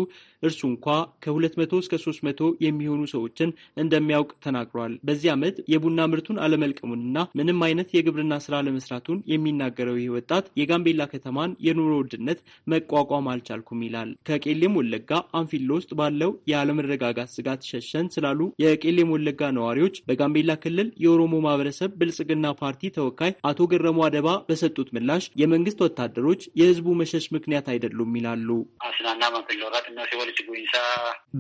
እርሱ እንኳ ከ መቶ እስከ 300 መቶ የሚሆኑ ሰዎችን እንደሚያውቅ ተናግሯል። በዚህ ዓመት የቡ የቡና ምርቱን አለመልቀሙንና ምንም አይነት የግብርና ስራ ለመስራቱን የሚናገረው ይህ ወጣት የጋምቤላ ከተማን የኑሮ ውድነት መቋቋም አልቻልኩም ይላል። ከቄሌም ወለጋ አንፊሎ ውስጥ ባለው የአለመረጋጋት ስጋት ሸሸን ስላሉ የቄሌም ወለጋ ነዋሪዎች በጋምቤላ ክልል የኦሮሞ ማህበረሰብ ብልጽግና ፓርቲ ተወካይ አቶ ገረሙ አደባ በሰጡት ምላሽ የመንግስት ወታደሮች የህዝቡ መሸሽ ምክንያት አይደሉም ይላሉ።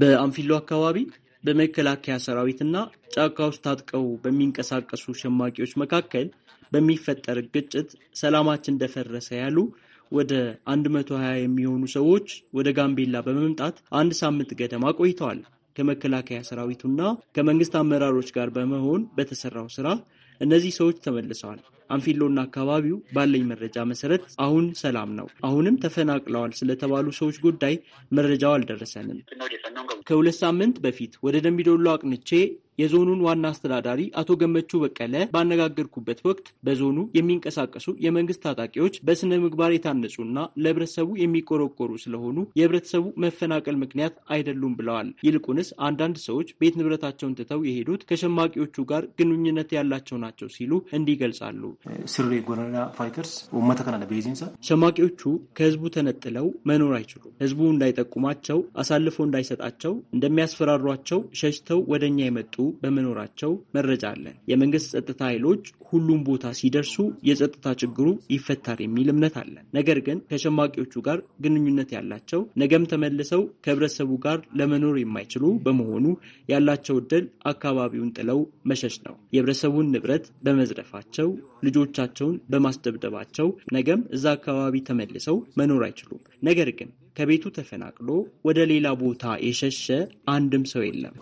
በአንፊሎ አካባቢ በመከላከያ ሰራዊትና ጫካ ውስጥ ታጥቀው በሚንቀሳቀሱ ሸማቂዎች መካከል በሚፈጠር ግጭት ሰላማችን እንደፈረሰ ያሉ ወደ 120 የሚሆኑ ሰዎች ወደ ጋምቤላ በመምጣት አንድ ሳምንት ገደማ ቆይተዋል። ከመከላከያ ሰራዊቱና ከመንግስት አመራሮች ጋር በመሆን በተሰራው ስራ እነዚህ ሰዎች ተመልሰዋል። አንፊሎና አካባቢው ባለኝ መረጃ መሰረት አሁን ሰላም ነው። አሁንም ተፈናቅለዋል ስለተባሉ ሰዎች ጉዳይ መረጃው አልደረሰንም። ከሁለት ሳምንት በፊት ወደ ደምቢዶሎ አቅንቼ የዞኑን ዋና አስተዳዳሪ አቶ ገመቹ በቀለ ባነጋገርኩበት ወቅት በዞኑ የሚንቀሳቀሱ የመንግስት ታጣቂዎች በስነ ምግባር የታነጹና ለህብረተሰቡ የሚቆረቆሩ ስለሆኑ የህብረተሰቡ መፈናቀል ምክንያት አይደሉም ብለዋል። ይልቁንስ አንዳንድ ሰዎች ቤት ንብረታቸውን ትተው የሄዱት ከሸማቂዎቹ ጋር ግንኙነት ያላቸው ናቸው ሲሉ እንዲህ ይገልጻሉ። ሸማቂዎቹ ከህዝቡ ተነጥለው መኖር አይችሉም። ህዝቡ እንዳይጠቁማቸው፣ አሳልፎ እንዳይሰጣቸው እንደሚያስፈራሯቸው ሸሽተው ወደኛ የመጡ በመኖራቸው መረጃ አለን። የመንግስት ጸጥታ ኃይሎች ሁሉም ቦታ ሲደርሱ የጸጥታ ችግሩ ይፈታል የሚል እምነት አለን። ነገር ግን ከሸማቂዎቹ ጋር ግንኙነት ያላቸው ነገም ተመልሰው ከህብረተሰቡ ጋር ለመኖር የማይችሉ በመሆኑ ያላቸው እድል አካባቢውን ጥለው መሸሽ ነው። የህብረተሰቡን ንብረት በመዝረፋቸው፣ ልጆቻቸውን በማስደብደባቸው ነገም እዛ አካባቢ ተመልሰው መኖር አይችሉም። ነገር ግን ከቤቱ ተፈናቅሎ ወደ ሌላ ቦታ የሸሸ አንድም ሰው የለም።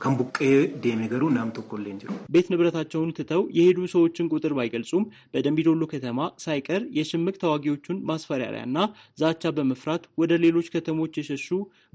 ቤት ንብረታቸውን ትተው የሄዱ ሰዎችን ቁጥር ባይገልጹም በደንቢዶሎ ከተማ ሳይቀር የሽምቅ ተዋጊዎቹን ማስፈራሪያና ዛቻ በመፍራት ወደ ሌሎች ከተሞች የሸሹ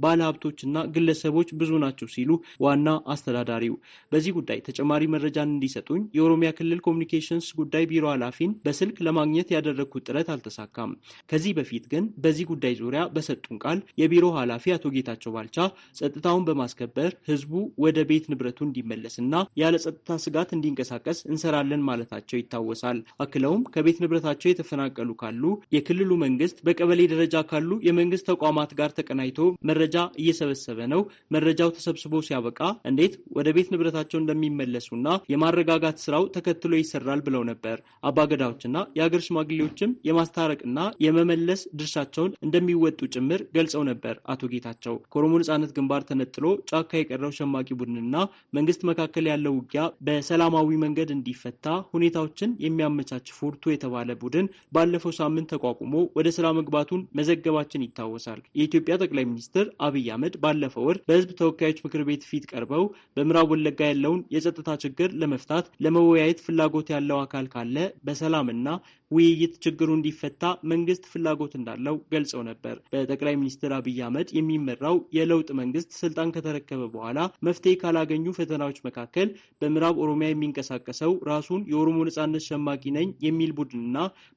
ባለሀብቶችና ግለሰቦች ብዙ ናቸው ሲሉ ዋና አስተዳዳሪው በዚህ ጉዳይ ተጨማሪ መረጃን እንዲሰጡኝ የኦሮሚያ ክልል ኮሚኒኬሽንስ ጉዳይ ቢሮ ኃላፊን በስልክ ለማግኘት ያደረግኩት ጥረት አልተሳካም። ከዚህ በፊት ግን በዚህ ጉዳይ ዙሪያ በሰጡን ቃል የቢሮ ኃላፊ አቶ ጌታቸው ባልቻ ጸጥታውን በማስከበር ህዝቡ ወደ ቤት ንብረቱ እንዲመለስና ያለ ጸጥታ ስጋት እንዲንቀሳቀስ እንሰራለን ማለታቸው ይታወሳል። አክለውም ከቤት ንብረታቸው የተፈናቀሉ ካሉ የክልሉ መንግስት በቀበሌ ደረጃ ካሉ የመንግስት ተቋማት ጋር ተቀናይቶ መረጃ እየሰበሰበ ነው። መረጃው ተሰብስቦ ሲያበቃ እንዴት ወደ ቤት ንብረታቸው እንደሚመለሱና የማረጋጋት ስራው ተከትሎ ይሰራል ብለው ነበር። አባገዳዎችና የአገር ሽማግሌዎችም የማስታረቅና የመመለስ ድርሻቸውን እንደሚወጡ ጭምር ገልጸ ገልጸው ነበር። አቶ ጌታቸው ከኦሮሞ ነጻነት ግንባር ተነጥሎ ጫካ የቀረው ሸማቂ ቡድንና መንግስት መካከል ያለው ውጊያ በሰላማዊ መንገድ እንዲፈታ ሁኔታዎችን የሚያመቻች ፉርቱ የተባለ ቡድን ባለፈው ሳምንት ተቋቁሞ ወደ ስራ መግባቱን መዘገባችን ይታወሳል። የኢትዮጵያ ጠቅላይ ሚኒስትር አብይ አህመድ ባለፈው ወር በህዝብ ተወካዮች ምክር ቤት ፊት ቀርበው በምዕራብ ወለጋ ያለውን የጸጥታ ችግር ለመፍታት ለመወያየት ፍላጎት ያለው አካል ካለ በሰላምና ውይይት ችግሩ እንዲፈታ መንግስት ፍላጎት እንዳለው ገልጸው ነበር። በጠቅላይ ሚኒስትር አብይ አህመድ የሚመራው የለውጥ መንግስት ስልጣን ከተረከበ በኋላ መፍትሄ ካላገኙ ፈተናዎች መካከል በምዕራብ ኦሮሚያ የሚንቀሳቀሰው ራሱን የኦሮሞ ነጻነት ሸማቂ ነኝ የሚል ቡድንና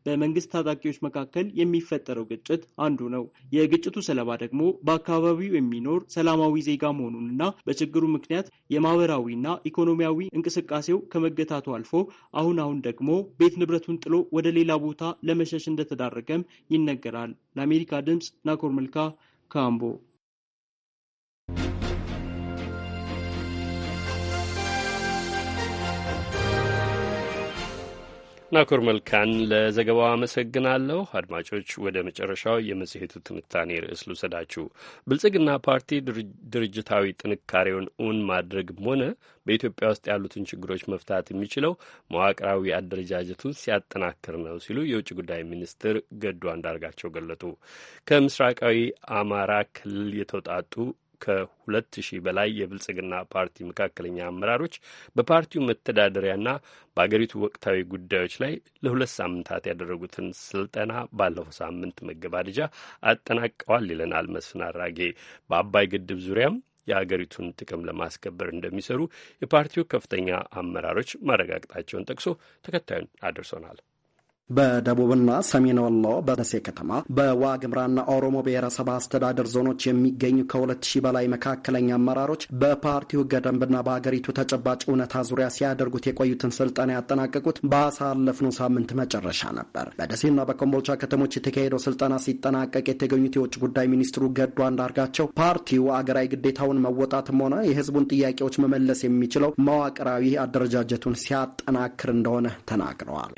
በመንግስት ታጣቂዎች መካከል የሚፈጠረው ግጭት አንዱ ነው። የግጭቱ ሰለባ ደግሞ በአካባቢው የሚኖር ሰላማዊ ዜጋ መሆኑንና በችግሩ ምክንያት የማህበራዊና ኢኮኖሚያዊ እንቅስቃሴው ከመገታቱ አልፎ አሁን አሁን ደግሞ ቤት ንብረቱን ጥሎ ወደ ሌላ ቦታ ለመሸሽ እንደተዳረገም ይነገራል። ለአሜሪካ ድምፅ ናኮር መልካ ካምቦ ናኮር መልካን ለዘገባው አመሰግናለሁ። አድማጮች ወደ መጨረሻው የመጽሔቱ ትንታኔ ርዕስ ልውሰዳችሁ። ብልጽግና ፓርቲ ድርጅታዊ ጥንካሬውን እውን ማድረግም ሆነ በኢትዮጵያ ውስጥ ያሉትን ችግሮች መፍታት የሚችለው መዋቅራዊ አደረጃጀቱን ሲያጠናክር ነው ሲሉ የውጭ ጉዳይ ሚኒስትር ገዱ አንዳርጋቸው ገለጡ። ከምስራቃዊ አማራ ክልል የተውጣጡ ከሁለት ሺህ በላይ የብልጽግና ፓርቲ መካከለኛ አመራሮች በፓርቲው መተዳደሪያና በአገሪቱ ወቅታዊ ጉዳዮች ላይ ለሁለት ሳምንታት ያደረጉትን ስልጠና ባለፈው ሳምንት መገባደጃ አጠናቀዋል ይለናል መስፍን አራጌ። በአባይ ግድብ ዙሪያም የአገሪቱን ጥቅም ለማስከበር እንደሚሰሩ የፓርቲው ከፍተኛ አመራሮች ማረጋገጣቸውን ጠቅሶ ተከታዩን አድርሶናል። በደቡብና ሰሜን ወሎ በደሴ ከተማ በዋግምራና ኦሮሞ ብሔረሰብ አስተዳደር ዞኖች የሚገኙ ከ ሺህ በላይ መካከለኛ አመራሮች በፓርቲው ሕገ ደንብና በሀገሪቱ ተጨባጭ እውነታ ዙሪያ ሲያደርጉት የቆዩትን ስልጠና ያጠናቀቁት በአሳለፍነው ሳምንት መጨረሻ ነበር። በደሴና በኮምቦልቻ ከተሞች የተካሄደው ስልጠና ሲጠናቀቅ የተገኙት የውጭ ጉዳይ ሚኒስትሩ ገዱ አንዳርጋቸው ፓርቲው አገራዊ ግዴታውን መወጣትም ሆነ የህዝቡን ጥያቄዎች መመለስ የሚችለው መዋቅራዊ አደረጃጀቱን ሲያጠናክር እንደሆነ ተናግረዋል።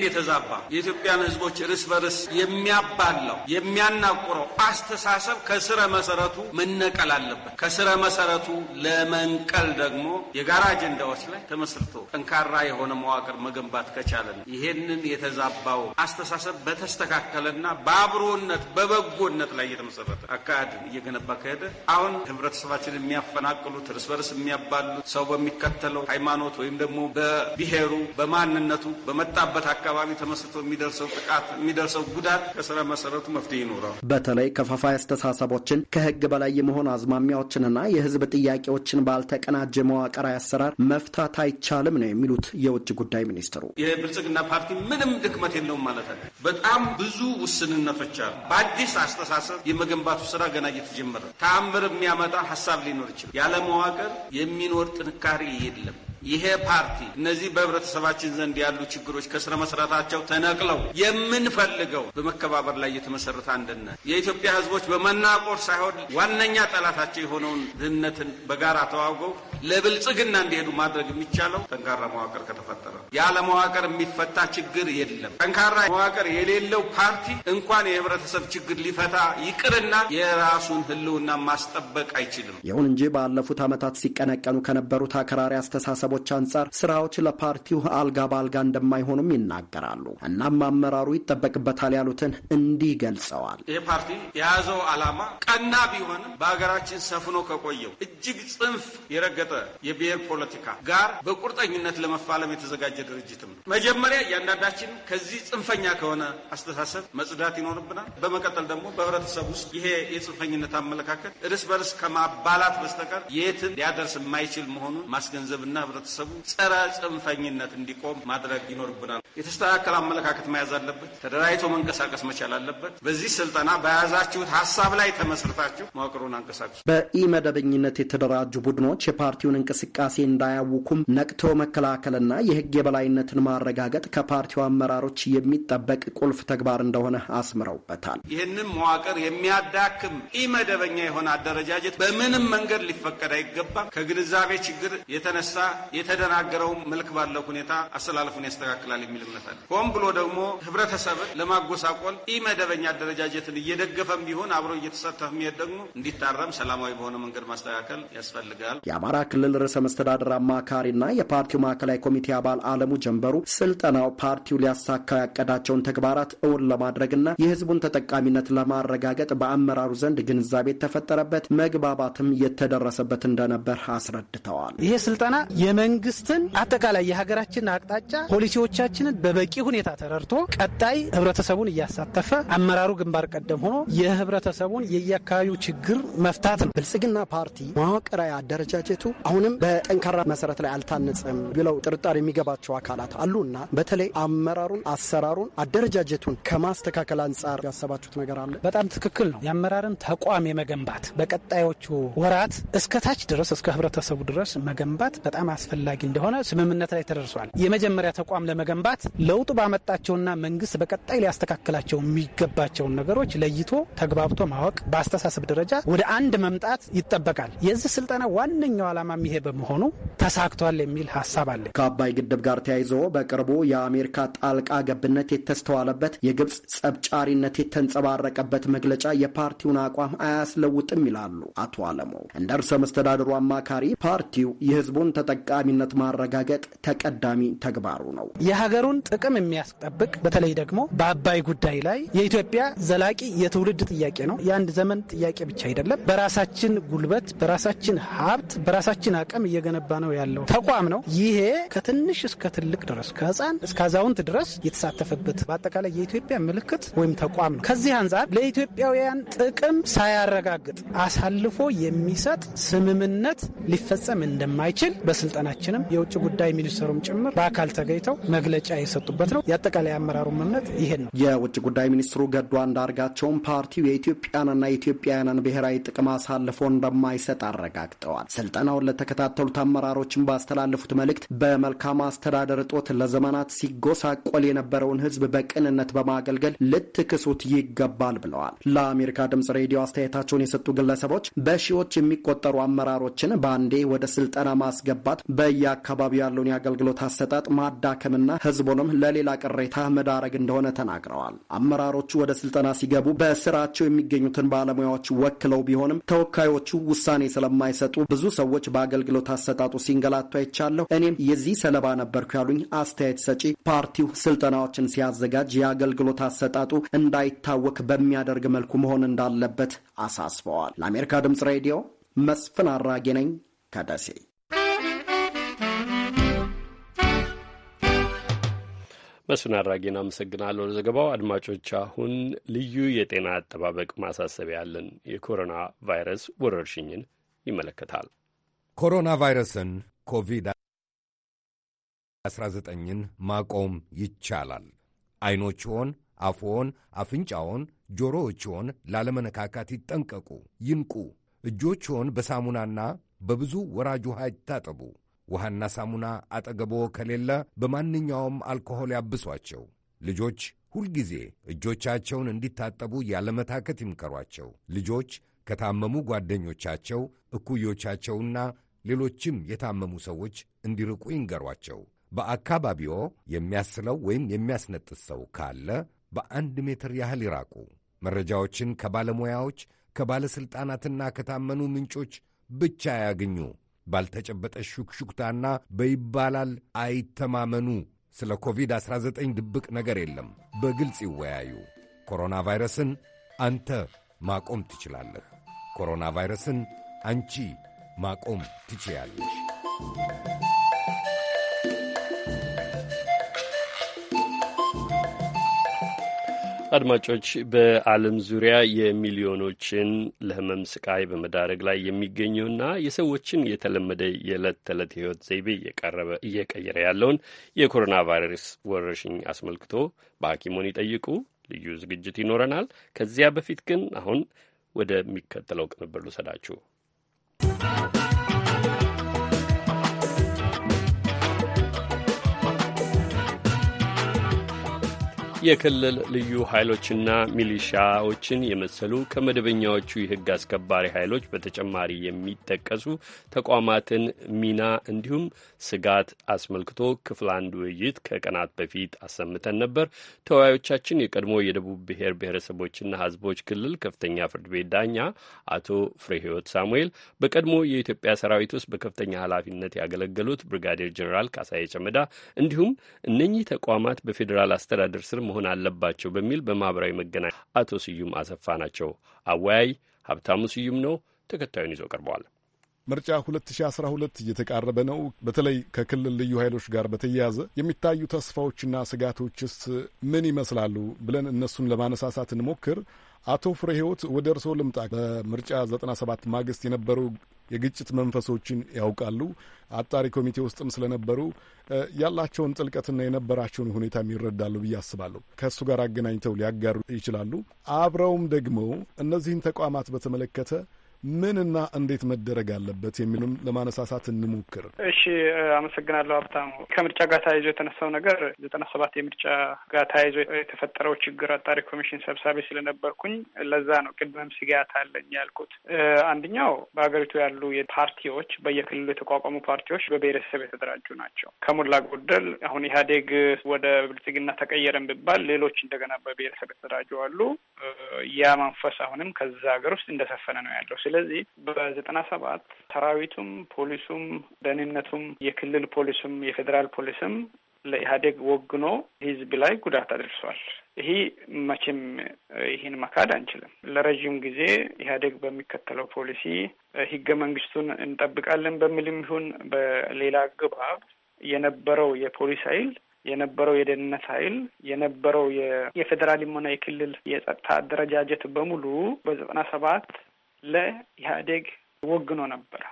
የኢትዮጵያን ህዝቦች እርስ በርስ የሚያባላው የሚያናቁረው አስተሳሰብ ከስረ መሰረቱ መነቀል አለበት። ከስረ መሰረቱ ለመንቀል ደግሞ የጋራ አጀንዳዎች ላይ ተመስርቶ ጠንካራ የሆነ መዋቅር መገንባት ከቻለን ይሄንን የተዛባው አስተሳሰብ በተስተካከለና በአብሮነት በበጎነት ላይ የተመሰረተ አካሄድን እየገነባ ከሄደ አሁን ህብረተሰባችን የሚያፈናቅሉት እርስ በርስ የሚያባሉት ሰው በሚከተለው ሃይማኖት ወይም ደግሞ በብሔሩ በማንነቱ በመጣበት አካባቢ ተመስርቶ የሚደርሱ የሚደርሰው ጥቃት የሚደርሰው ጉዳት ከስረ መሰረቱ መፍትሄ ይኖረዋል። በተለይ ከፋፋይ አስተሳሰቦችን ከህግ በላይ የመሆን አዝማሚያዎችንና የህዝብ ጥያቄዎችን ባልተቀናጀ መዋቅራዊ አሰራር መፍታት አይቻልም ነው የሚሉት የውጭ ጉዳይ ሚኒስትሩ። የብልጽግና ፓርቲ ምንም ድክመት የለውም ማለት አለ። በጣም ብዙ ውስንነቶች አሉ። በአዲስ አስተሳሰብ የመገንባቱ ስራ ገና እየተጀመረ ተአምር የሚያመጣ ሀሳብ ሊኖር ይችላል። ያለ መዋቅር የሚኖር ጥንካሬ የለም። ይሄ ፓርቲ እነዚህ በህብረተሰባችን ዘንድ ያሉ ችግሮች ከስረ መሰረታቸው ተነቅለው የምንፈልገው በመከባበር ላይ የተመሰረተ አንድነት የኢትዮጵያ ህዝቦች በመናቆር ሳይሆን ዋነኛ ጠላታቸው የሆነውን ድህነትን በጋራ ተዋውገው ለብልጽግና እንዲሄዱ ማድረግ የሚቻለው ጠንካራ መዋቅር ከተፈጠረ ያለ መዋቅር የሚፈታ ችግር የለም። ጠንካራ መዋቅር የሌለው ፓርቲ እንኳን የህብረተሰብ ችግር ሊፈታ ይቅርና የራሱን ህልውና ማስጠበቅ አይችልም። ይሁን እንጂ ባለፉት ዓመታት ሲቀነቀኑ ከነበሩት አክራሪ አስተሳሰብ ሀሳቦች አንጻር ስራዎች ለፓርቲው አልጋ በአልጋ እንደማይሆኑም ይናገራሉ። እናም አመራሩ ይጠበቅበታል ያሉትን እንዲህ ገልጸዋል። ይህ ፓርቲ የያዘው ዓላማ ቀና ቢሆንም በሀገራችን ሰፍኖ ከቆየው እጅግ ጽንፍ የረገጠ የብሔር ፖለቲካ ጋር በቁርጠኝነት ለመፋለም የተዘጋጀ ድርጅትም ነው። መጀመሪያ እያንዳንዳችን ከዚህ ጽንፈኛ ከሆነ አስተሳሰብ መጽዳት ይኖርብናል። በመቀጠል ደግሞ በህብረተሰብ ውስጥ ይሄ የጽንፈኝነት አመለካከት እርስ በርስ ከማባላት በስተቀር የትን ሊያደርስ የማይችል መሆኑን ማስገንዘብና ህብረ ህብረተሰቡ ጸረ ጽንፈኝነት እንዲቆም ማድረግ ይኖርብናል። የተስተካከለ አመለካከት መያዝ አለበት። ተደራጅቶ መንቀሳቀስ መቻል አለበት። በዚህ ስልጠና በያዛችሁት ሀሳብ ላይ ተመስርታችሁ መዋቅሩን አንቀሳቀሱ። በኢመደበኝነት የተደራጁ ቡድኖች የፓርቲውን እንቅስቃሴ እንዳያውኩም ነቅቶ መከላከልና የህግ የበላይነትን ማረጋገጥ ከፓርቲው አመራሮች የሚጠበቅ ቁልፍ ተግባር እንደሆነ አስምረውበታል። ይህንን መዋቅር የሚያዳክም ኢመደበኛ የሆነ አደረጃጀት በምንም መንገድ ሊፈቀድ አይገባም። ከግንዛቤ ችግር የተነሳ የተደናገረው መልክ ባለው ሁኔታ አስተላለፉን ያስተካክላል የሚል እምነት አለ። ሆን ብሎ ደግሞ ህብረተሰብን ለማጎሳቆል ኢ መደበኛ አደረጃጀትን እየደገፈም ቢሆን አብሮ እየተሳተፈ መሄድ ደግሞ እንዲታረም ሰላማዊ በሆነ መንገድ ማስተካከል ያስፈልጋል። የአማራ ክልል ርዕሰ መስተዳድር አማካሪና የፓርቲው ማዕከላዊ ኮሚቴ አባል አለሙ ጀንበሩ ስልጠናው ፓርቲው ሊያሳካው ያቀዳቸውን ተግባራት እውን ለማድረግና የህዝቡን ተጠቃሚነት ለማረጋገጥ በአመራሩ ዘንድ ግንዛቤ የተፈጠረበት መግባባትም የተደረሰበት እንደነበር አስረድተዋል። ይሄ ስልጠና መንግስትን አጠቃላይ የሀገራችንን አቅጣጫ ፖሊሲዎቻችንን በበቂ ሁኔታ ተረድቶ ቀጣይ ህብረተሰቡን እያሳተፈ አመራሩ ግንባር ቀደም ሆኖ የህብረተሰቡን የየአካባቢው ችግር መፍታት ነው። ብልጽግና ፓርቲ መዋቅራዊ አደረጃጀቱ አሁንም በጠንካራ መሰረት ላይ አልታነጽም ብለው ጥርጣሬ የሚገባቸው አካላት አሉና በተለይ አመራሩን፣ አሰራሩን፣ አደረጃጀቱን ከማስተካከል አንጻር ያሰባችሁት ነገር አለ? በጣም ትክክል ነው። የአመራርን ተቋም የመገንባት በቀጣዮቹ ወራት እስከታች ድረስ እስከ ህብረተሰቡ ድረስ መገንባት በጣም አስፈ አስፈላጊ እንደሆነ ስምምነት ላይ ተደርሷል። የመጀመሪያ ተቋም ለመገንባት ለውጡ ባመጣቸውና መንግስት በቀጣይ ሊያስተካክላቸው የሚገባቸውን ነገሮች ለይቶ ተግባብቶ ማወቅ፣ በአስተሳሰብ ደረጃ ወደ አንድ መምጣት ይጠበቃል። የዚህ ስልጠና ዋነኛው ዓላማ ይሄ በመሆኑ ተሳክቷል የሚል ሀሳብ አለ። ከአባይ ግድብ ጋር ተያይዞ በቅርቡ የአሜሪካ ጣልቃ ገብነት የተስተዋለበት የግብፅ ጸብጫሪነት የተንጸባረቀበት መግለጫ የፓርቲውን አቋም አያስለውጥም ይላሉ አቶ አለሙ። እንደ እርሰ መስተዳድሩ አማካሪ ፓርቲው የህዝቡን ተጠቀ ተጠቃሚነት ማረጋገጥ ተቀዳሚ ተግባሩ ነው። የሀገሩን ጥቅም የሚያስጠብቅ በተለይ ደግሞ በአባይ ጉዳይ ላይ የኢትዮጵያ ዘላቂ የትውልድ ጥያቄ ነው። የአንድ ዘመን ጥያቄ ብቻ አይደለም። በራሳችን ጉልበት፣ በራሳችን ሀብት፣ በራሳችን አቅም እየገነባ ነው ያለው ተቋም ነው። ይሄ ከትንሽ እስከ ትልቅ ድረስ ከህፃን እስከ አዛውንት ድረስ የተሳተፈበት በአጠቃላይ የኢትዮጵያ ምልክት ወይም ተቋም ነው። ከዚህ አንጻር ለኢትዮጵያውያን ጥቅም ሳያረጋግጥ አሳልፎ የሚሰጥ ስምምነት ሊፈጸም እንደማይችል በስልጣ ባለስልጣናችንም የውጭ ጉዳይ ሚኒስትሩም ጭምር በአካል ተገኝተው መግለጫ የሰጡበት ነው። የአጠቃላይ አመራሩ እምነት ይሄን ነው። የውጭ ጉዳይ ሚኒስትሩ ገዱ አንዳርጋቸውም ፓርቲው የኢትዮጵያንና የኢትዮጵያውያንን ብሔራዊ ጥቅም አሳልፎ እንደማይሰጥ አረጋግጠዋል። ስልጠናውን ለተከታተሉት አመራሮችን ባስተላለፉት መልእክት በመልካም አስተዳደር እጦት ለዘመናት ሲጎሳቆል የነበረውን ሕዝብ በቅንነት በማገልገል ልትክሱት ይገባል ብለዋል። ለአሜሪካ ድምጽ ሬዲዮ አስተያየታቸውን የሰጡ ግለሰቦች በሺዎች የሚቆጠሩ አመራሮችን በአንዴ ወደ ስልጠና ማስገባት በየአካባቢው ያለውን የአገልግሎት አሰጣጥ ማዳከምና ህዝቡንም ለሌላ ቅሬታ መዳረግ እንደሆነ ተናግረዋል። አመራሮቹ ወደ ስልጠና ሲገቡ በስራቸው የሚገኙትን ባለሙያዎች ወክለው ቢሆንም ተወካዮቹ ውሳኔ ስለማይሰጡ ብዙ ሰዎች በአገልግሎት አሰጣጡ ሲንገላቱ አይቻለሁ። እኔም የዚህ ሰለባ ነበርኩ ያሉኝ አስተያየት ሰጪ ፓርቲው ስልጠናዎችን ሲያዘጋጅ የአገልግሎት አሰጣጡ እንዳይታወክ በሚያደርግ መልኩ መሆን እንዳለበት አሳስበዋል። ለአሜሪካ ድምጽ ሬዲዮ መስፍን አራጌ ነኝ ከደሴ መስፍን አድራጌን አመሰግናለሁ ለዘገባው። አድማጮች፣ አሁን ልዩ የጤና አጠባበቅ ማሳሰቢያ ያለን የኮሮና ቫይረስ ወረርሽኝን ይመለከታል። ኮሮና ቫይረስን ኮቪድ-19ን ማቆም ይቻላል። ዐይኖችዎን፣ አፍዎን፣ አፍንጫዎን፣ ጆሮዎችዎን ላለመነካካት ይጠንቀቁ፣ ይንቁ። እጆችዎን በሳሙናና በብዙ ወራጅ ውሃ ይታጠቡ። ውሃና ሳሙና አጠገቦ ከሌለ በማንኛውም አልኮሆል ያብሷቸው። ልጆች ሁልጊዜ እጆቻቸውን እንዲታጠቡ ያለመታከት ይምከሯቸው። ልጆች ከታመሙ ጓደኞቻቸው፣ እኩዮቻቸውና ሌሎችም የታመሙ ሰዎች እንዲርቁ ይንገሯቸው። በአካባቢዎ የሚያስለው ወይም የሚያስነጥስ ሰው ካለ በአንድ ሜትር ያህል ይራቁ። መረጃዎችን ከባለሙያዎች ከባለሥልጣናትና ከታመኑ ምንጮች ብቻ ያግኙ። ባልተጨበጠ ሹክሹክታና በይባላል አይተማመኑ። ስለ ኮቪድ-19 ድብቅ ነገር የለም። በግልጽ ይወያዩ። ኮሮና ቫይረስን አንተ ማቆም ትችላለህ። ኮሮና ቫይረስን አንቺ ማቆም ትችያለሽ። አድማጮች በዓለም ዙሪያ የሚሊዮኖችን ለህመም ስቃይ በመዳረግ ላይ የሚገኘውና የሰዎችን የተለመደ የዕለት ተዕለት ህይወት ዘይቤ እየቀየረ ያለውን የኮሮና ቫይረስ ወረርሽኝ አስመልክቶ በሐኪሞን ይጠይቁ ልዩ ዝግጅት ይኖረናል። ከዚያ በፊት ግን አሁን ወደሚከተለው ቅንብር ልውሰዳችሁ። የክልል ልዩ ኃይሎችና ሚሊሻዎችን የመሰሉ ከመደበኛዎቹ የሕግ አስከባሪ ኃይሎች በተጨማሪ የሚጠቀሱ ተቋማትን ሚና እንዲሁም ስጋት አስመልክቶ ክፍል አንድ ውይይት ከቀናት በፊት አሰምተን ነበር። ተወያዮቻችን የቀድሞ የደቡብ ብሔር ብሔረሰቦችና ሕዝቦች ክልል ከፍተኛ ፍርድ ቤት ዳኛ አቶ ፍሬህይወት ሳሙኤል፣ በቀድሞ የኢትዮጵያ ሰራዊት ውስጥ በከፍተኛ ኃላፊነት ያገለገሉት ብርጋዴር ጀኔራል ካሳዬ ጨመዳ እንዲሁም እነኚህ ተቋማት በፌዴራል አስተዳደር ስር መሆን አለባቸው በሚል በማኅበራዊ መገናኛ አቶ ስዩም አሰፋ ናቸው። አወያይ ሀብታሙ ስዩም ነው። ተከታዩን ይዞ ቀርበዋል። ምርጫ 2012 እየተቃረበ ነው። በተለይ ከክልል ልዩ ኃይሎች ጋር በተያያዘ የሚታዩ ተስፋዎችና ስጋቶችስ ምን ይመስላሉ ብለን እነሱን ለማነሳሳት እንሞክር። አቶ ፍሬ ህይወት ወደ እርስዎ ልምጣ። በምርጫ 97 ማግስት የነበሩ የግጭት መንፈሶችን ያውቃሉ። አጣሪ ኮሚቴ ውስጥም ስለነበሩ ያላቸውን ጥልቀትና የነበራቸውን ሁኔታ ይረዳሉ ብዬ አስባለሁ። ከእሱ ጋር አገናኝተው ሊያጋሩ ይችላሉ። አብረውም ደግሞ እነዚህን ተቋማት በተመለከተ ምንና እንዴት መደረግ አለበት የሚሉም ለማነሳሳት እንሞክር። እሺ፣ አመሰግናለሁ ሀብታሙ። ከምርጫ ጋር ተያይዞ የተነሳው ነገር ዘጠና ሰባት የምርጫ ጋር ተያይዞ የተፈጠረው ችግር አጣሪ ኮሚሽን ሰብሳቢ ስለነበርኩኝ ለዛ ነው ቅድመም ስጋት አለኝ ያልኩት። አንደኛው በሀገሪቱ ያሉ ፓርቲዎች በየክልሉ የተቋቋሙ ፓርቲዎች በብሔረሰብ የተደራጁ ናቸው። ከሞላ ጎደል አሁን ኢህአዴግ ወደ ብልጽግና ተቀየረን ቢባል ሌሎች እንደገና በብሔረሰብ የተደራጁ አሉ። ያ መንፈስ አሁንም ከዛ ሀገር ውስጥ እንደሰፈነ ነው ያለው። ስለዚህ በዘጠና ሰባት ሰራዊቱም ፖሊሱም ደህንነቱም የክልል ፖሊስም የፌዴራል ፖሊስም ለኢህአዴግ ወግኖ ህዝብ ላይ ጉዳት አድርሷል። ይሄ መቼም ይህን መካድ አንችልም። ለረዥም ጊዜ ኢህአዴግ በሚከተለው ፖሊሲ ህገ መንግስቱን እንጠብቃለን በሚልም ይሁን በሌላ ግባብ የነበረው የፖሊስ ኃይል የነበረው የደህንነት ኃይል የነበረው የፌዴራልም ሆነ የክልል የጸጥታ አደረጃጀት በሙሉ በዘጠና ሰባት ለኢህአዴግ ወግኖ ነበር።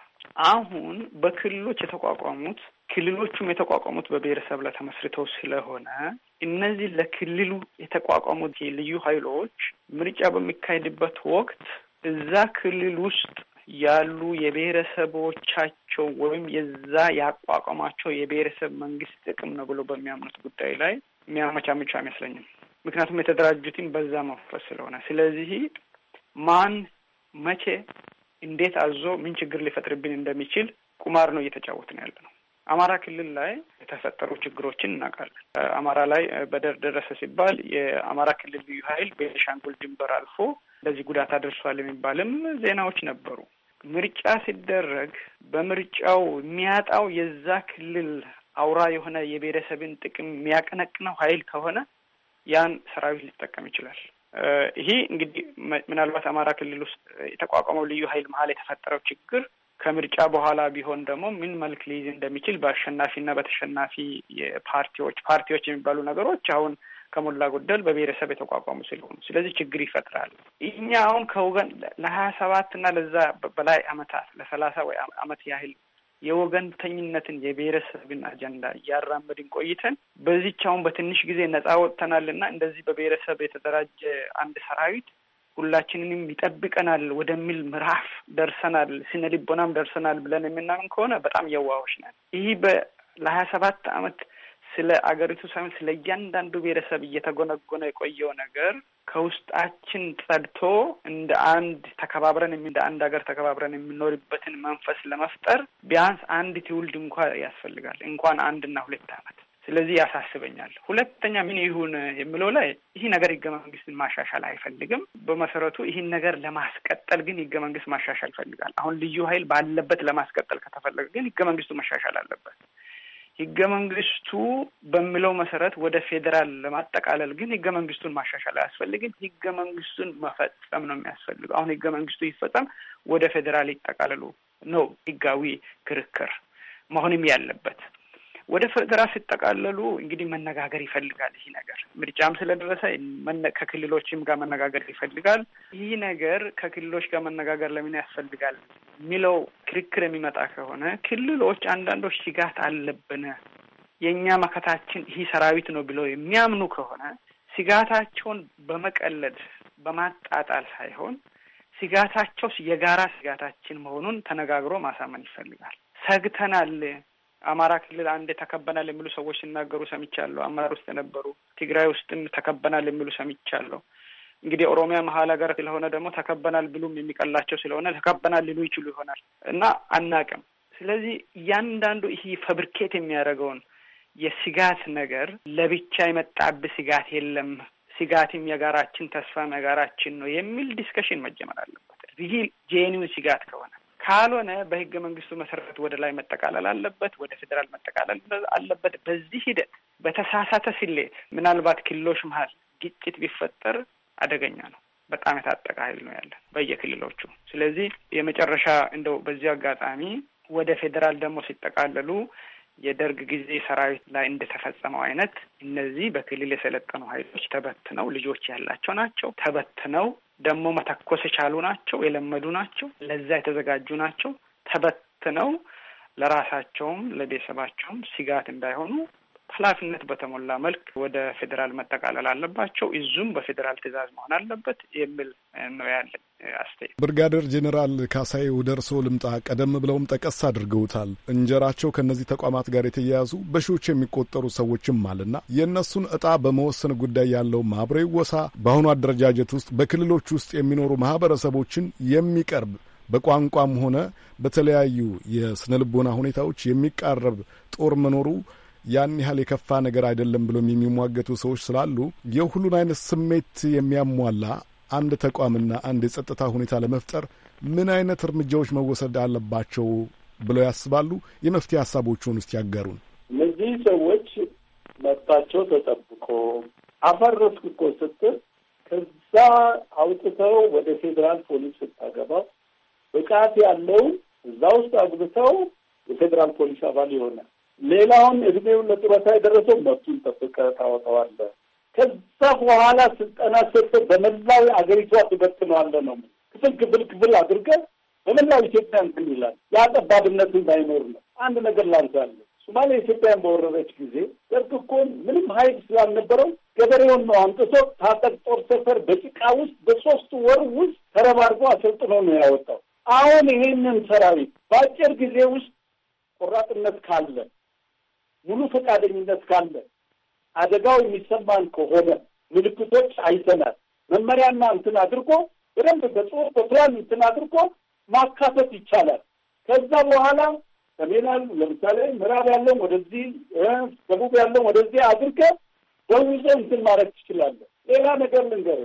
አሁን በክልሎች የተቋቋሙት ክልሎቹም የተቋቋሙት በብሔረሰብ ላይ ተመስርተው ስለሆነ እነዚህ ለክልሉ የተቋቋሙት የልዩ ኃይሎች ምርጫ በሚካሄድበት ወቅት እዛ ክልል ውስጥ ያሉ የብሔረሰቦቻቸው ወይም የዛ ያቋቋማቸው የብሔረሰብ መንግስት ጥቅም ነው ብሎ በሚያምኑት ጉዳይ ላይ የሚያመቻምቹ አይመስለኝም። ምክንያቱም የተደራጁትም በዛ መፍረስ ስለሆነ ስለዚህ ማን መቼ እንዴት አዞ ምን ችግር ሊፈጥርብን እንደሚችል ቁማር ነው እየተጫወትን ያለ ነው። አማራ ክልል ላይ የተፈጠሩ ችግሮችን እናውቃለን። አማራ ላይ በደር ደረሰ ሲባል የአማራ ክልል ልዩ ኃይል ቤንሻንጉል ድንበር አልፎ እንደዚህ ጉዳት አድርሷል የሚባልም ዜናዎች ነበሩ። ምርጫ ሲደረግ በምርጫው የሚያጣው የዛ ክልል አውራ የሆነ የብሔረሰብን ጥቅም የሚያቀነቅነው ኃይል ከሆነ ያን ሰራዊት ሊጠቀም ይችላል። ይሄ እንግዲህ ምናልባት አማራ ክልል ውስጥ የተቋቋመው ልዩ ኃይል መሀል የተፈጠረው ችግር ከምርጫ በኋላ ቢሆን ደግሞ ምን መልክ ሊይዝ እንደሚችል በአሸናፊና በተሸናፊ የፓርቲዎች ፓርቲዎች የሚባሉ ነገሮች አሁን ከሞላ ጎደል በብሔረሰብ የተቋቋሙ ስለሆኑ ስለዚህ ችግር ይፈጥራል። እኛ አሁን ከወገን ለሀያ ሰባት እና ለዛ በላይ አመታት ለሰላሳ ወይ አመት ያህል የወገንተኝነትን የብሔረሰብን አጀንዳ እያራመድን ቆይተን በዚቻውን በትንሽ ጊዜ ነጻ ወጥተናልና እንደዚህ በብሔረሰብ የተደራጀ አንድ ሰራዊት ሁላችንንም ይጠብቀናል ወደሚል ምዕራፍ ደርሰናል፣ ስነ ልቦናም ደርሰናል ብለን የምናምን ከሆነ በጣም የዋዎች ነን። ይህ በ ለሀያ ሰባት አመት ስለ አገሪቱ ሳይሆን ስለ እያንዳንዱ ብሔረሰብ እየተጎነጎነ የቆየው ነገር ከውስጣችን ጸድቶ እንደ አንድ ተከባብረን እንደ አንድ ሀገር ተከባብረን የምንኖርበትን መንፈስ ለመፍጠር ቢያንስ አንድ ትውልድ እንኳ ያስፈልጋል፣ እንኳን አንድና ሁለት ዓመት። ስለዚህ ያሳስበኛል። ሁለተኛ ምን ይሁን የምለው ላይ ይህ ነገር ህገ መንግስትን ማሻሻል አይፈልግም። በመሰረቱ ይህን ነገር ለማስቀጠል ግን ህገ መንግስት ማሻሻል ይፈልጋል። አሁን ልዩ ኃይል ባለበት ለማስቀጠል ከተፈለገ ግን ህገ መንግስቱ መሻሻል አለበት። ህገ መንግስቱ በሚለው መሰረት ወደ ፌዴራል ለማጠቃለል ግን ህገ መንግስቱን ማሻሻል አያስፈልግም። ህገ መንግስቱን መፈጸም ነው የሚያስፈልገው። አሁን ህገ መንግስቱ ይፈጸም፣ ወደ ፌዴራል ይጠቃለሉ ነው ህጋዊ ክርክር መሆንም ያለበት። ወደ ፈጠራ ሲጠቃለሉ እንግዲህ መነጋገር ይፈልጋል። ይህ ነገር ምርጫም ስለደረሰ ከክልሎችም ጋር መነጋገር ይፈልጋል። ይህ ነገር ከክልሎች ጋር መነጋገር ለምን ያስፈልጋል የሚለው ክርክር የሚመጣ ከሆነ ክልሎች አንዳንዶች ስጋት አለብን፣ የእኛ መከታችን ይህ ሰራዊት ነው ብለው የሚያምኑ ከሆነ ስጋታቸውን በመቀለድ በማጣጣል ሳይሆን ስጋታቸው የጋራ ስጋታችን መሆኑን ተነጋግሮ ማሳመን ይፈልጋል። ሰግተናል አማራ ክልል አንድ ተከበናል የሚሉ ሰዎች ሲናገሩ ሰምቻለሁ። አመራር ውስጥ የነበሩ ትግራይ ውስጥም ተከበናል የሚሉ ሰምቻለሁ። እንግዲህ ኦሮሚያ መሀል ሀገር ስለሆነ ደግሞ ተከበናል ብሉም የሚቀላቸው ስለሆነ ተከበናል ሊሉ ይችሉ ይሆናል እና አናቅም። ስለዚህ እያንዳንዱ ይሄ ፈብሪኬት የሚያደርገውን የስጋት ነገር ለብቻ የመጣብ ስጋት የለም፣ ስጋትም የጋራችን ተስፋም የጋራችን ነው የሚል ዲስከሽን መጀመር አለበት። ይህ ጄኒውን ስጋት ከሆነ ካልሆነ በህገ መንግስቱ መሰረት ወደ ላይ መጠቃለል አለበት፣ ወደ ፌዴራል መጠቃለል አለበት። በዚህ ሂደት በተሳሳተ ሲሌ ምናልባት ክልሎች መሀል ግጭት ቢፈጠር አደገኛ ነው። በጣም የታጠቀ ኃይል ነው ያለ በየክልሎቹ። ስለዚህ የመጨረሻ እንደው በዚህ አጋጣሚ ወደ ፌዴራል ደግሞ ሲጠቃለሉ የደርግ ጊዜ ሰራዊት ላይ እንደተፈጸመው አይነት እነዚህ በክልል የሰለጠኑ ኃይሎች ተበትነው ልጆች ያላቸው ናቸው። ተበትነው ደግሞ መተኮስ የቻሉ ናቸው፣ የለመዱ ናቸው፣ ለዛ የተዘጋጁ ናቸው። ተበትነው ለራሳቸውም ለቤተሰባቸውም ስጋት እንዳይሆኑ ኃላፊነት በተሞላ መልክ ወደ ፌዴራል መጠቃለል አለባቸው። እዙም በፌዴራል ትዕዛዝ መሆን አለበት የሚል ነው ያለን አስተያየት። ብርጋደር ጄኔራል ካሳይ ወደ እርስዎ ልምጣ። ቀደም ብለውም ጠቀስ አድርገውታል። እንጀራቸው ከእነዚህ ተቋማት ጋር የተያያዙ በሺዎች የሚቆጠሩ ሰዎችም አለና የእነሱን እጣ በመወሰን ጉዳይ ያለው ማህበሬ ወሳ በአሁኑ አደረጃጀት ውስጥ በክልሎች ውስጥ የሚኖሩ ማህበረሰቦችን የሚቀርብ በቋንቋም ሆነ በተለያዩ የስነ ልቦና ሁኔታዎች የሚቃረብ ጦር መኖሩ ያን ያህል የከፋ ነገር አይደለም ብሎም የሚሟገቱ ሰዎች ስላሉ የሁሉን አይነት ስሜት የሚያሟላ አንድ ተቋምና አንድ የጸጥታ ሁኔታ ለመፍጠር ምን አይነት እርምጃዎች መወሰድ አለባቸው ብለው ያስባሉ? የመፍትሄ ሀሳቦቹን ውስጥ ያጋሩን። እነዚህ ሰዎች መብታቸው ተጠብቆ አፈረስኩ እኮ ስትል ከዛ አውጥተው ወደ ፌዴራል ፖሊስ ስታገባው ብቃት ያለው እዛ ውስጥ አግብተው የፌዴራል ፖሊስ አባል ይሆናል። ሌላውን እድሜውን ለጡረታ የደረሰው መብቱን ጠብቀ ታወጣዋለህ። ከዛ በኋላ ስልጠና ሰጥቶ በመላው አገሪቷ ትበትነዋለህ ነው። ክፍል ክፍል ክፍል አድርገ በመላው ኢትዮጵያ እንትን ይላል። የአጠባብነትን ባይኖር ነው። አንድ ነገር ላንሳለህ። ሶማሌ ኢትዮጵያን በወረረች ጊዜ ደርግ እኮ ምንም ሀይል ስላልነበረው ገበሬውን ነው አምጥቶ ታጠቅ ጦር ሰፈር በጭቃ ውስጥ በሶስት ወር ውስጥ ተረባርጎ አሰልጥኖ ነው ያወጣው። አሁን ይሄንን ሰራዊት በአጭር ጊዜ ውስጥ ቆራጥነት ካለ ሙሉ ፈቃደኝነት ካለ አደጋው የሚሰማን ከሆነ ምልክቶች አይተናል። መመሪያና እንትን አድርጎ በደንብ በጽሁፍ በፕላን እንትን አድርጎ ማካተት ይቻላል። ከዛ በኋላ ሰሜናል ለምሳሌ ምዕራብ ያለውን ወደዚህ፣ ደቡብ ያለውን ወደዚህ አድርገ በውዞ እንትን ማድረግ ትችላለህ። ሌላ ነገር ልንገር፣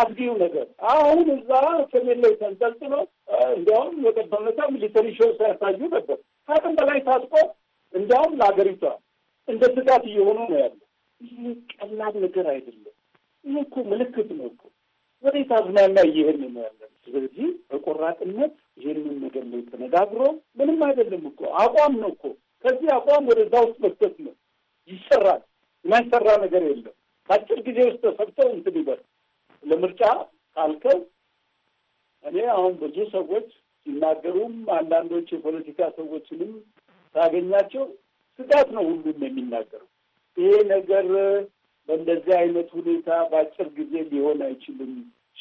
አስጊው ነገር አሁን እዛ ሰሜን ላይ ተንጠልጥሎ እንዲያውም የቀበለታ ሚሊተሪ ሾ ሲያሳዩ ነበር። ከአቅም በላይ ታጥቆ እንዲያውም ለሀገሪቷ እንደ ስጋት እየሆኑ ነው ያለ። ይህ ቀላል ነገር አይደለም። ይህ እኮ ምልክት ነው እኮ ወዴት አዝማሚያ እየሄድን ነው ያለ። ስለዚህ በቆራጥነት ይህንን ነገር ላይ ተነጋግሮ ምንም አይደለም እኮ አቋም ነው እኮ ከዚህ አቋም ወደዛ ውስጥ መስጠት ነው። ይሰራል። የማይሰራ ነገር የለም። በአጭር ጊዜ ውስጥ ተሰብተው እንትን ይበል ለምርጫ ካልከው እኔ አሁን ብዙ ሰዎች ሲናገሩም አንዳንዶች የፖለቲካ ሰዎችንም ሳገኛቸው ስጋት ነው ሁሉም የሚናገረው። ይሄ ነገር በእንደዚህ አይነት ሁኔታ በአጭር ጊዜ ሊሆን አይችልም፣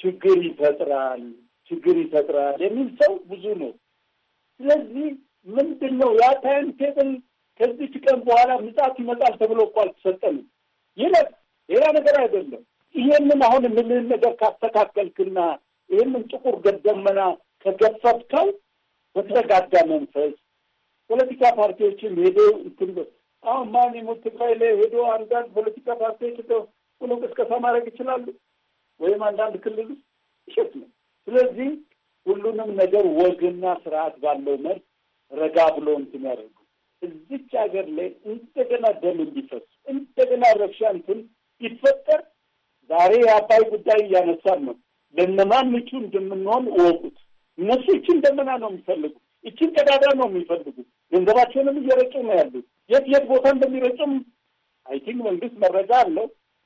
ችግር ይፈጥራል፣ ችግር ይፈጥራል የሚል ሰው ብዙ ነው። ስለዚህ ምንድን ነው ያ ታይም ቴብል ከዚች ቀን በኋላ ምጽአት ይመጣል ተብሎ እኮ አልተሰጠንም። ይለት ሌላ ነገር አይደለም። ይሄንን አሁን የምልህን ነገር ካስተካከልክና ይህንን ጥቁር ደመና ከገፈትከው በተረጋጋ መንፈስ ፖለቲካ ፓርቲዎችም ሄዶ እንትን አሁን ማን የሞት ትግራይ ላይ ሄዶ አንዳንድ ፖለቲካ ፓርቲዎች ሆኖ ቅስቀሳ ማድረግ ይችላሉ፣ ወይም አንዳንድ ክልል ይሸት ነው። ስለዚህ ሁሉንም ነገር ወግና ስርዓት ባለው መልክ ረጋ ብሎ እንትን ያደርጉ። እዚች ሀገር ላይ እንደገና ደም እንዲፈስ እንደገና ረብሻ እንትን ቢፈጠር ዛሬ የአባይ ጉዳይ እያነሳን ነው። ለእነማን ምቹ እንደምንሆን እወቁት። እነሱ ይችን ደመና ነው የሚፈልጉ እችን ቀዳዳ ነው የሚፈልጉት። ገንዘባቸውንም እየረጩ ነው ያሉት። የት የት ቦታ እንደሚረጩም አይ ቲንክ መንግስት መረጃ አለው።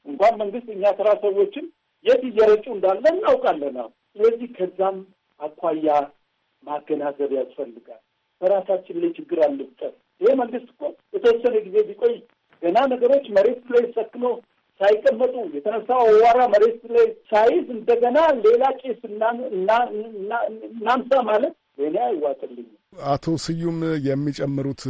እንኳን መንግስት እኛ ስራ ሰዎችም የት እየረጩ እንዳለ እናውቃለን። ስለዚህ ከዛም አኳያ ማገናዘብ ያስፈልጋል። በራሳችን ላይ ችግር አለብጠት ይሄ መንግስት እኮ የተወሰነ ጊዜ ቢቆይ ገና ነገሮች መሬት ላይ ሰክኖ ሳይቀመጡ የተነሳው አዋራ መሬት ላይ ሳይዝ እንደገና ሌላ ቄስ እናምሳ ማለት ለእኔ አይዋጥልኝም። አቶ ስዩም የሚጨምሩት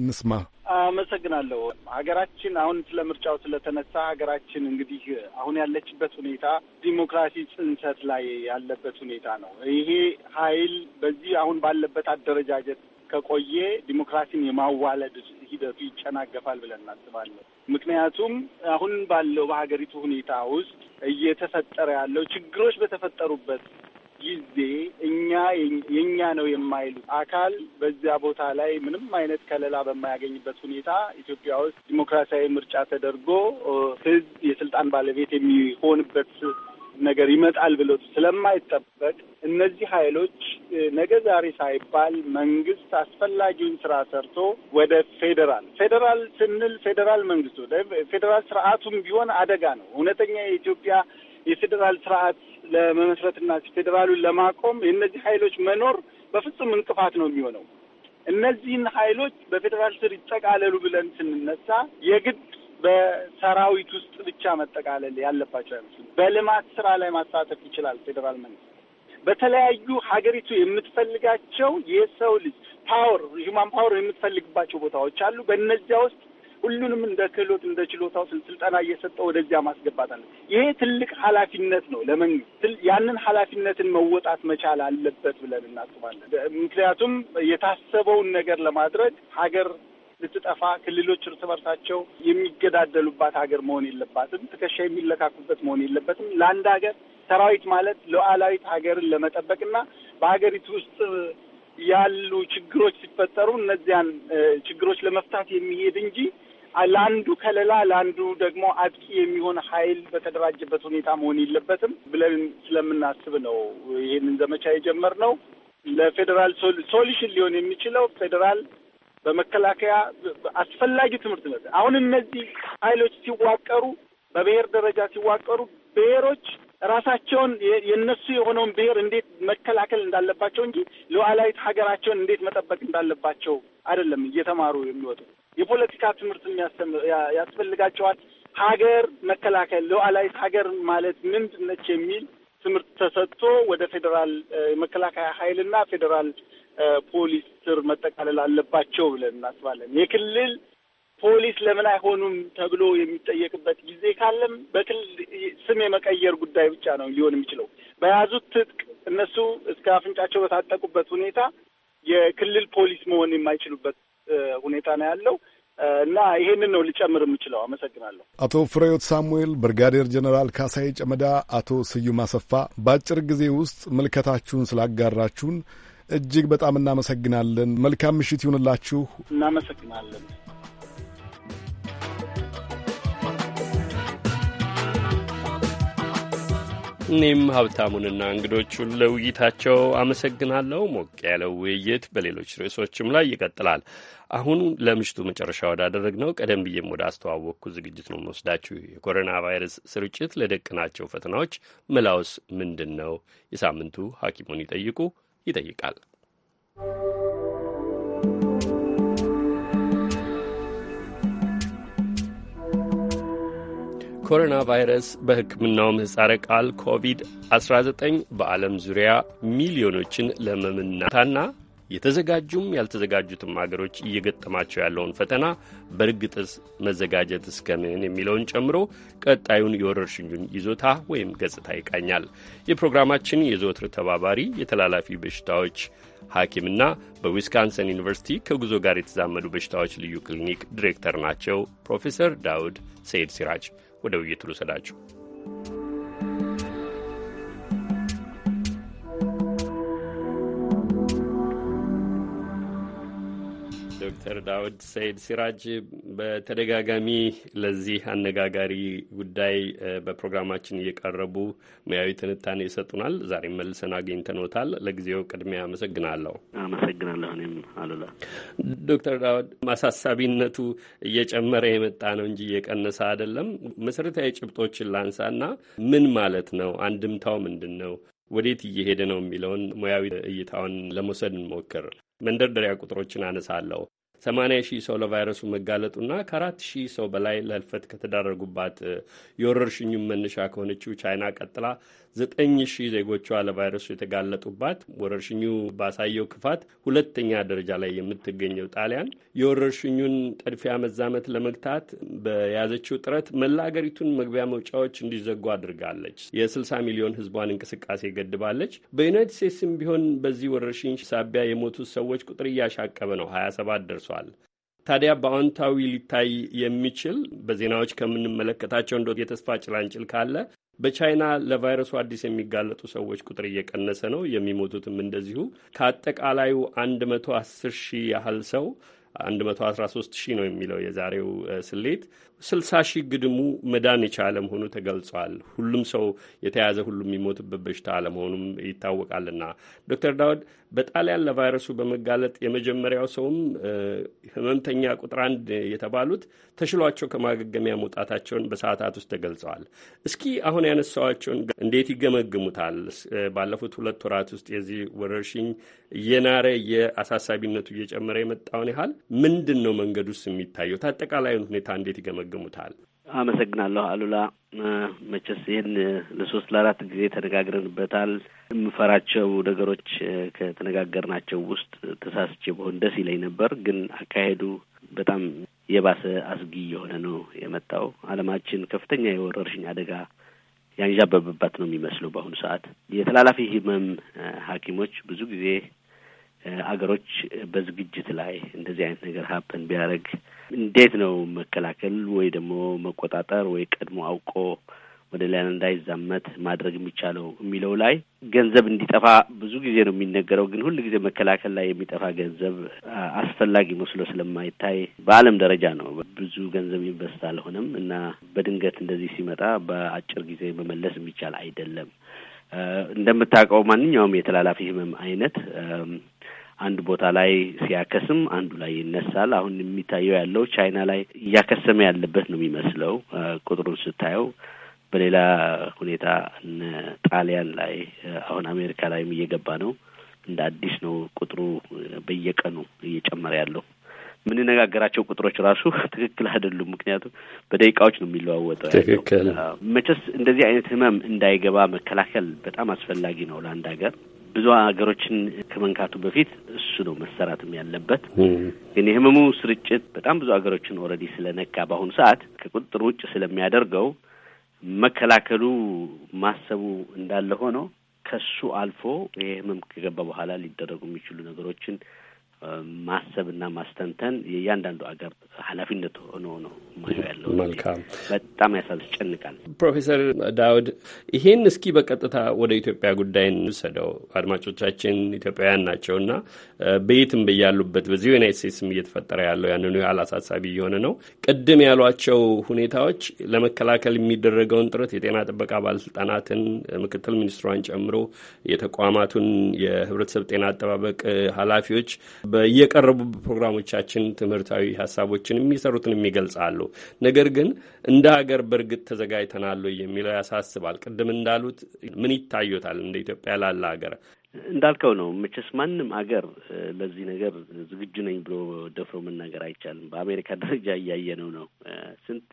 እንስማ። አመሰግናለሁ። ሀገራችን አሁን ስለ ምርጫው ስለተነሳ ሀገራችን እንግዲህ አሁን ያለችበት ሁኔታ ዲሞክራሲ ጽንሰት ላይ ያለበት ሁኔታ ነው። ይሄ ኃይል በዚህ አሁን ባለበት አደረጃጀት ከቆየ ዲሞክራሲን የማዋለድ ሂደቱ ይጨናገፋል ብለን እናስባለን። ምክንያቱም አሁን ባለው በሀገሪቱ ሁኔታ ውስጥ እየተፈጠረ ያለው ችግሮች በተፈጠሩበት ጊዜ እኛ የእኛ ነው የማይሉ አካል በዚያ ቦታ ላይ ምንም አይነት ከለላ በማያገኝበት ሁኔታ ኢትዮጵያ ውስጥ ዲሞክራሲያዊ ምርጫ ተደርጎ ህዝብ የስልጣን ባለቤት የሚሆንበት ነገር ይመጣል ብሎ ስለማይጠበቅ እነዚህ ኃይሎች ነገ ዛሬ ሳይባል መንግስት አስፈላጊውን ስራ ሰርቶ ወደ ፌዴራል ፌዴራል ስንል ፌዴራል ወደ ፌዴራል ስርዓቱም ቢሆን አደጋ ነው። እውነተኛ የኢትዮጵያ የፌዴራል ስርዓት ለመመስረትና ፌዴራሉን ለማቆም የእነዚህ ኃይሎች መኖር በፍጹም እንቅፋት ነው የሚሆነው። እነዚህን ኃይሎች በፌዴራል ስር ይጠቃለሉ ብለን ስንነሳ የግድ በሰራዊት ውስጥ ብቻ መጠቃለል ያለባቸው አይመስልም። በልማት ስራ ላይ ማሳተፍ ይችላል ፌዴራል መንግስት በተለያዩ ሀገሪቱ የምትፈልጋቸው የሰው ልጅ ፓወር ሂውማን ፓወር የምትፈልግባቸው ቦታዎች አሉ። በእነዚያ ውስጥ ሁሉንም እንደ ክህሎት እንደ ችሎታው ስልጠና እየሰጠ ወደዚያ ማስገባት አለ። ይሄ ትልቅ ኃላፊነት ነው ለመንግስት። ያንን ኃላፊነትን መወጣት መቻል አለበት ብለን እናስባለን። ምክንያቱም የታሰበውን ነገር ለማድረግ ሀገር ልትጠፋ ክልሎች እርስ በርሳቸው የሚገዳደሉባት ሀገር መሆን የለባትም። ትከሻ የሚለካኩበት መሆን የለበትም። ለአንድ ሀገር ሰራዊት ማለት ሉዓላዊት ሀገርን ለመጠበቅና በሀገሪቱ ውስጥ ያሉ ችግሮች ሲፈጠሩ እነዚያን ችግሮች ለመፍታት የሚሄድ እንጂ ለአንዱ ከለላ ለአንዱ ደግሞ አጥቂ የሚሆን ኃይል በተደራጀበት ሁኔታ መሆን የለበትም ብለን ስለምናስብ ነው ይህንን ዘመቻ የጀመርነው። ለፌዴራል ሶሉሽን ሊሆን የሚችለው ፌዴራል በመከላከያ አስፈላጊ ትምህርት ነ አሁን እነዚህ ኃይሎች ሲዋቀሩ በብሔር ደረጃ ሲዋቀሩ ብሔሮች ራሳቸውን የእነሱ የሆነውን ብሔር እንዴት መከላከል እንዳለባቸው እንጂ ሉዓላዊት ሀገራቸውን እንዴት መጠበቅ እንዳለባቸው አይደለም እየተማሩ የሚወጡ የፖለቲካ ትምህርት ያስፈልጋቸዋል። ሀገር መከላከል ሉዓላዊት ሀገር ማለት ምንድነች ነች የሚል ትምህርት ተሰጥቶ ወደ ፌዴራል መከላከያ ኃይልና ፌዴራል ፖሊስ ስር መጠቃለል አለባቸው ብለን እናስባለን። የክልል ፖሊስ ለምን አይሆኑም ተብሎ የሚጠየቅበት ጊዜ ካለም በክልል ስም የመቀየር ጉዳይ ብቻ ነው ሊሆን የሚችለው። በያዙት ትጥቅ እነሱ እስከ አፍንጫቸው በታጠቁበት ሁኔታ የክልል ፖሊስ መሆን የማይችሉበት ሁኔታ ነው ያለው እና ይሄንን ነው ሊጨምር የምችለው። አመሰግናለሁ። አቶ ፍሬዮት ሳሙኤል፣ ብርጋዴር ጀነራል ካሳዬ ጨመዳ፣ አቶ ስዩም አሰፋ በአጭር ጊዜ ውስጥ ምልከታችሁን ስላጋራችሁን እጅግ በጣም እናመሰግናለን። መልካም ምሽት ይሁንላችሁ። እናመሰግናለን። እኔም ሀብታሙንና እንግዶቹን ለውይይታቸው አመሰግናለሁ። ሞቅ ያለው ውይይት በሌሎች ርዕሶችም ላይ ይቀጥላል። አሁን ለምሽቱ መጨረሻ ነው ቀደም ብዬም ወደ አስተዋወቅኩ ዝግጅት ነው መወስዳችሁ። የኮሮና ቫይረስ ስርጭት ለደቅናቸው ፈተናዎች መላውስ ምንድን ነው? የሳምንቱ ሐኪሙን ይጠይቁ ይጠይቃል። ኮሮና ቫይረስ በሕክምናው ምህፃረ ቃል ኮቪድ-19 በዓለም ዙሪያ ሚሊዮኖችን ለመምናታና የተዘጋጁም ያልተዘጋጁትም አገሮች እየገጠማቸው ያለውን ፈተና በእርግጥስ መዘጋጀት እስከምን የሚለውን ጨምሮ ቀጣዩን የወረርሽኙን ይዞታ ወይም ገጽታ ይቃኛል። የፕሮግራማችን የዘወትር ተባባሪ የተላላፊ በሽታዎች ሐኪምና በዊስካንሰን ዩኒቨርሲቲ ከጉዞ ጋር የተዛመዱ በሽታዎች ልዩ ክሊኒክ ዲሬክተር ናቸው ፕሮፌሰር ዳውድ ሰይድ ሲራጅ ወደ ውይይቱ ልውሰዳችሁ። ዶክተር ዳውድ ሰይድ ሲራጅ በተደጋጋሚ ለዚህ አነጋጋሪ ጉዳይ በፕሮግራማችን እየቀረቡ ሙያዊ ትንታኔ ይሰጡናል። ዛሬም መልሰን አግኝተኖታል። ለጊዜው ቅድሚያ አመሰግናለሁ። አመሰግናለሁ እኔም አሉላ። ዶክተር ዳውድ ማሳሳቢነቱ እየጨመረ የመጣ ነው እንጂ እየቀነሰ አይደለም። መሰረታዊ ጭብጦችን ላንሳና ምን ማለት ነው? አንድምታው ምንድን ነው? ወዴት እየሄደ ነው የሚለውን ሙያዊ እይታውን ለመውሰድ እንሞክር። መንደርደሪያ ቁጥሮችን አነሳለሁ። 80 ሺህ ሰው ለቫይረሱ መጋለጡና ከአራት ሺህ ሰው በላይ ለህልፈት ከተዳረጉባት የወረርሽኙም መነሻ ከሆነችው ቻይና ቀጥላ ዘጠኝ ሺህ ዜጎቿ ለቫይረሱ የተጋለጡባት ወረርሽኙ ባሳየው ክፋት ሁለተኛ ደረጃ ላይ የምትገኘው ጣሊያን የወረርሽኙን ጠድፊያ መዛመት ለመግታት በያዘችው ጥረት መላ አገሪቱን መግቢያ መውጫዎች እንዲዘጉ አድርጋለች። የ60 ሚሊዮን ህዝቧን እንቅስቃሴ ገድባለች። በዩናይትድ ስቴትስም ቢሆን በዚህ ወረርሽኝ ሳቢያ የሞቱ ሰዎች ቁጥር እያሻቀበ ነው። 27 ደርሷል። አመልክቷል። ታዲያ በአዎንታዊ ሊታይ የሚችል በዜናዎች ከምንመለከታቸው እንደ የተስፋ ጭላንጭል ካለ በቻይና ለቫይረሱ አዲስ የሚጋለጡ ሰዎች ቁጥር እየቀነሰ ነው። የሚሞቱትም እንደዚሁ ከአጠቃላዩ 110 ሺህ ያህል ሰው 113 ሺህ ነው የሚለው የዛሬው ስሌት ስልሳ ሺህ ግድሙ መዳን የቻለ መሆኑ ተገልጿል። ሁሉም ሰው የተያዘ ሁሉም የሚሞትበት በሽታ አለመሆኑም ይታወቃልና ዶክተር ዳውድ በጣሊያን ለቫይረሱ በመጋለጥ የመጀመሪያው ሰውም ህመምተኛ ቁጥር አንድ የተባሉት ተሽሏቸው ከማገገሚያ መውጣታቸውን በሰዓታት ውስጥ ተገልጸዋል። እስኪ አሁን ያነሳዋቸውን እንዴት ይገመግሙታል? ባለፉት ሁለት ወራት ውስጥ የዚህ ወረርሽኝ እየናረ የአሳሳቢነቱ እየጨመረ የመጣውን ያህል ምንድን ነው መንገዱስ የሚታየው? አጠቃላዩን ሁኔታ እንዴት ይገመግሙ ይገመግሙታል? አመሰግናለሁ አሉላ። መቼስ ይህን ለሶስት ለአራት ጊዜ ተነጋግረንበታል። የምፈራቸው ነገሮች ከተነጋገርናቸው ውስጥ ተሳስቼ በሆን ደስ ይለኝ ነበር፣ ግን አካሄዱ በጣም የባሰ አስጊ የሆነ ነው የመጣው። ዓለማችን ከፍተኛ የወረርሽኝ አደጋ ያንዣበበባት ነው የሚመስለው በአሁኑ ሰዓት። የተላላፊ ህመም ሐኪሞች ብዙ ጊዜ አገሮች በዝግጅት ላይ እንደዚህ አይነት ነገር ሀፕን ቢያደርግ እንዴት ነው መከላከል ወይ ደግሞ መቆጣጠር ወይ ቀድሞ አውቆ ወደ ሌላ እንዳይዛመት ማድረግ የሚቻለው የሚለው ላይ ገንዘብ እንዲጠፋ ብዙ ጊዜ ነው የሚነገረው። ግን ሁል ጊዜ መከላከል ላይ የሚጠፋ ገንዘብ አስፈላጊ መስሎ ስለማይታይ በዓለም ደረጃ ነው ብዙ ገንዘብ ኢንቨስት አልሆነም እና በድንገት እንደዚህ ሲመጣ በአጭር ጊዜ መመለስ የሚቻል አይደለም። እንደምታውቀው ማንኛውም የተላላፊ ህመም አይነት አንድ ቦታ ላይ ሲያከስም አንዱ ላይ ይነሳል። አሁን የሚታየው ያለው ቻይና ላይ እያከሰመ ያለበት ነው የሚመስለው ቁጥሩን ስታየው። በሌላ ሁኔታ እነ ጣሊያን ላይ አሁን አሜሪካ ላይም እየገባ ነው። እንደ አዲስ ነው ቁጥሩ በየቀኑ እየጨመረ ያለው። የምንነጋገራቸው ቁጥሮች ራሱ ትክክል አይደሉም። ምክንያቱም በደቂቃዎች ነው የሚለዋወጠው። ያለው። መቼስ እንደዚህ አይነት ህመም እንዳይገባ መከላከል በጣም አስፈላጊ ነው ለአንድ ሀገር። ብዙ ሀገሮችን ከመንካቱ በፊት እሱ ነው መሰራትም ያለበት። ግን የህመሙ ስርጭት በጣም ብዙ ሀገሮችን ኦልሬዲ ስለነካ በአሁኑ ሰዓት ከቁጥጥር ውጭ ስለሚያደርገው መከላከሉ ማሰቡ እንዳለ ሆኖ ከሱ አልፎ ይህ ህመም ከገባ በኋላ ሊደረጉ የሚችሉ ነገሮችን ማሰብና ማስተንተን የእያንዳንዱ አገር ኃላፊነት ሆኖ ነው ማየው ያለው። መልካም በጣም ያስጨንቃል። ፕሮፌሰር ዳውድ ይሄን እስኪ በቀጥታ ወደ ኢትዮጵያ ጉዳይ እንውሰደው። አድማጮቻችን ኢትዮጵያውያን ናቸውና በየትም በያሉበት በዚህ ዩናይት ስቴትስም እየተፈጠረ ያለው ያንኑ ያህል አሳሳቢ እየሆነ ነው። ቅድም ያሏቸው ሁኔታዎች ለመከላከል የሚደረገውን ጥረት የጤና ጥበቃ ባለስልጣናትን ምክትል ሚኒስትሯን ጨምሮ የተቋማቱን የህብረተሰብ ጤና አጠባበቅ ኃላፊዎች በየቀረቡ ፕሮግራሞቻችን ትምህርታዊ ሀሳቦችን የሚሰሩትን ይገልጻሉ። ነገር ግን እንደ ሀገር በእርግጥ ተዘጋጅተናል የሚለው ያሳስባል። ቅድም እንዳሉት ምን ይታዩታል እንደ ኢትዮጵያ ላለ ሀገር እንዳልከው ነው። መቼስ ማንም አገር ለዚህ ነገር ዝግጁ ነኝ ብሎ ደፍሮ መናገር አይቻልም። በአሜሪካ ደረጃ እያየነው ነው። ስንት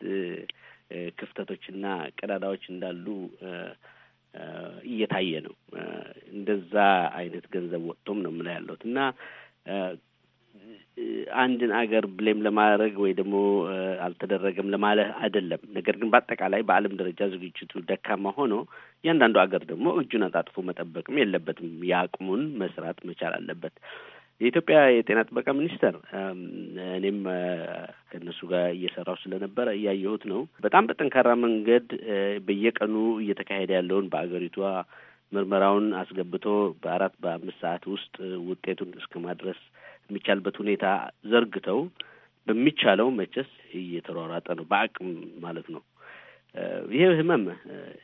ክፍተቶችና ቀዳዳዎች እንዳሉ እየታየ ነው። እንደዛ አይነት ገንዘብ ወጥቶም ነው የምለው ያለሁት እና አንድን አገር ብሌም ለማድረግ ወይ ደግሞ አልተደረገም ለማለህ አይደለም። ነገር ግን በአጠቃላይ በዓለም ደረጃ ዝግጅቱ ደካማ ሆኖ እያንዳንዱ አገር ደግሞ እጁን አጣጥፎ መጠበቅም የለበትም። የአቅሙን መስራት መቻል አለበት። የኢትዮጵያ የጤና ጥበቃ ሚኒስቴር እኔም ከእነሱ ጋር እየሰራው ስለነበረ እያየሁት ነው። በጣም በጠንካራ መንገድ በየቀኑ እየተካሄደ ያለውን በአገሪቷ ምርመራውን አስገብቶ በአራት በአምስት ሰዓት ውስጥ ውጤቱን እስከ ማድረስ የሚቻልበት ሁኔታ ዘርግተው በሚቻለው መቼስ እየተሯሯጠ ነው፣ በአቅም ማለት ነው። ይህ ህመም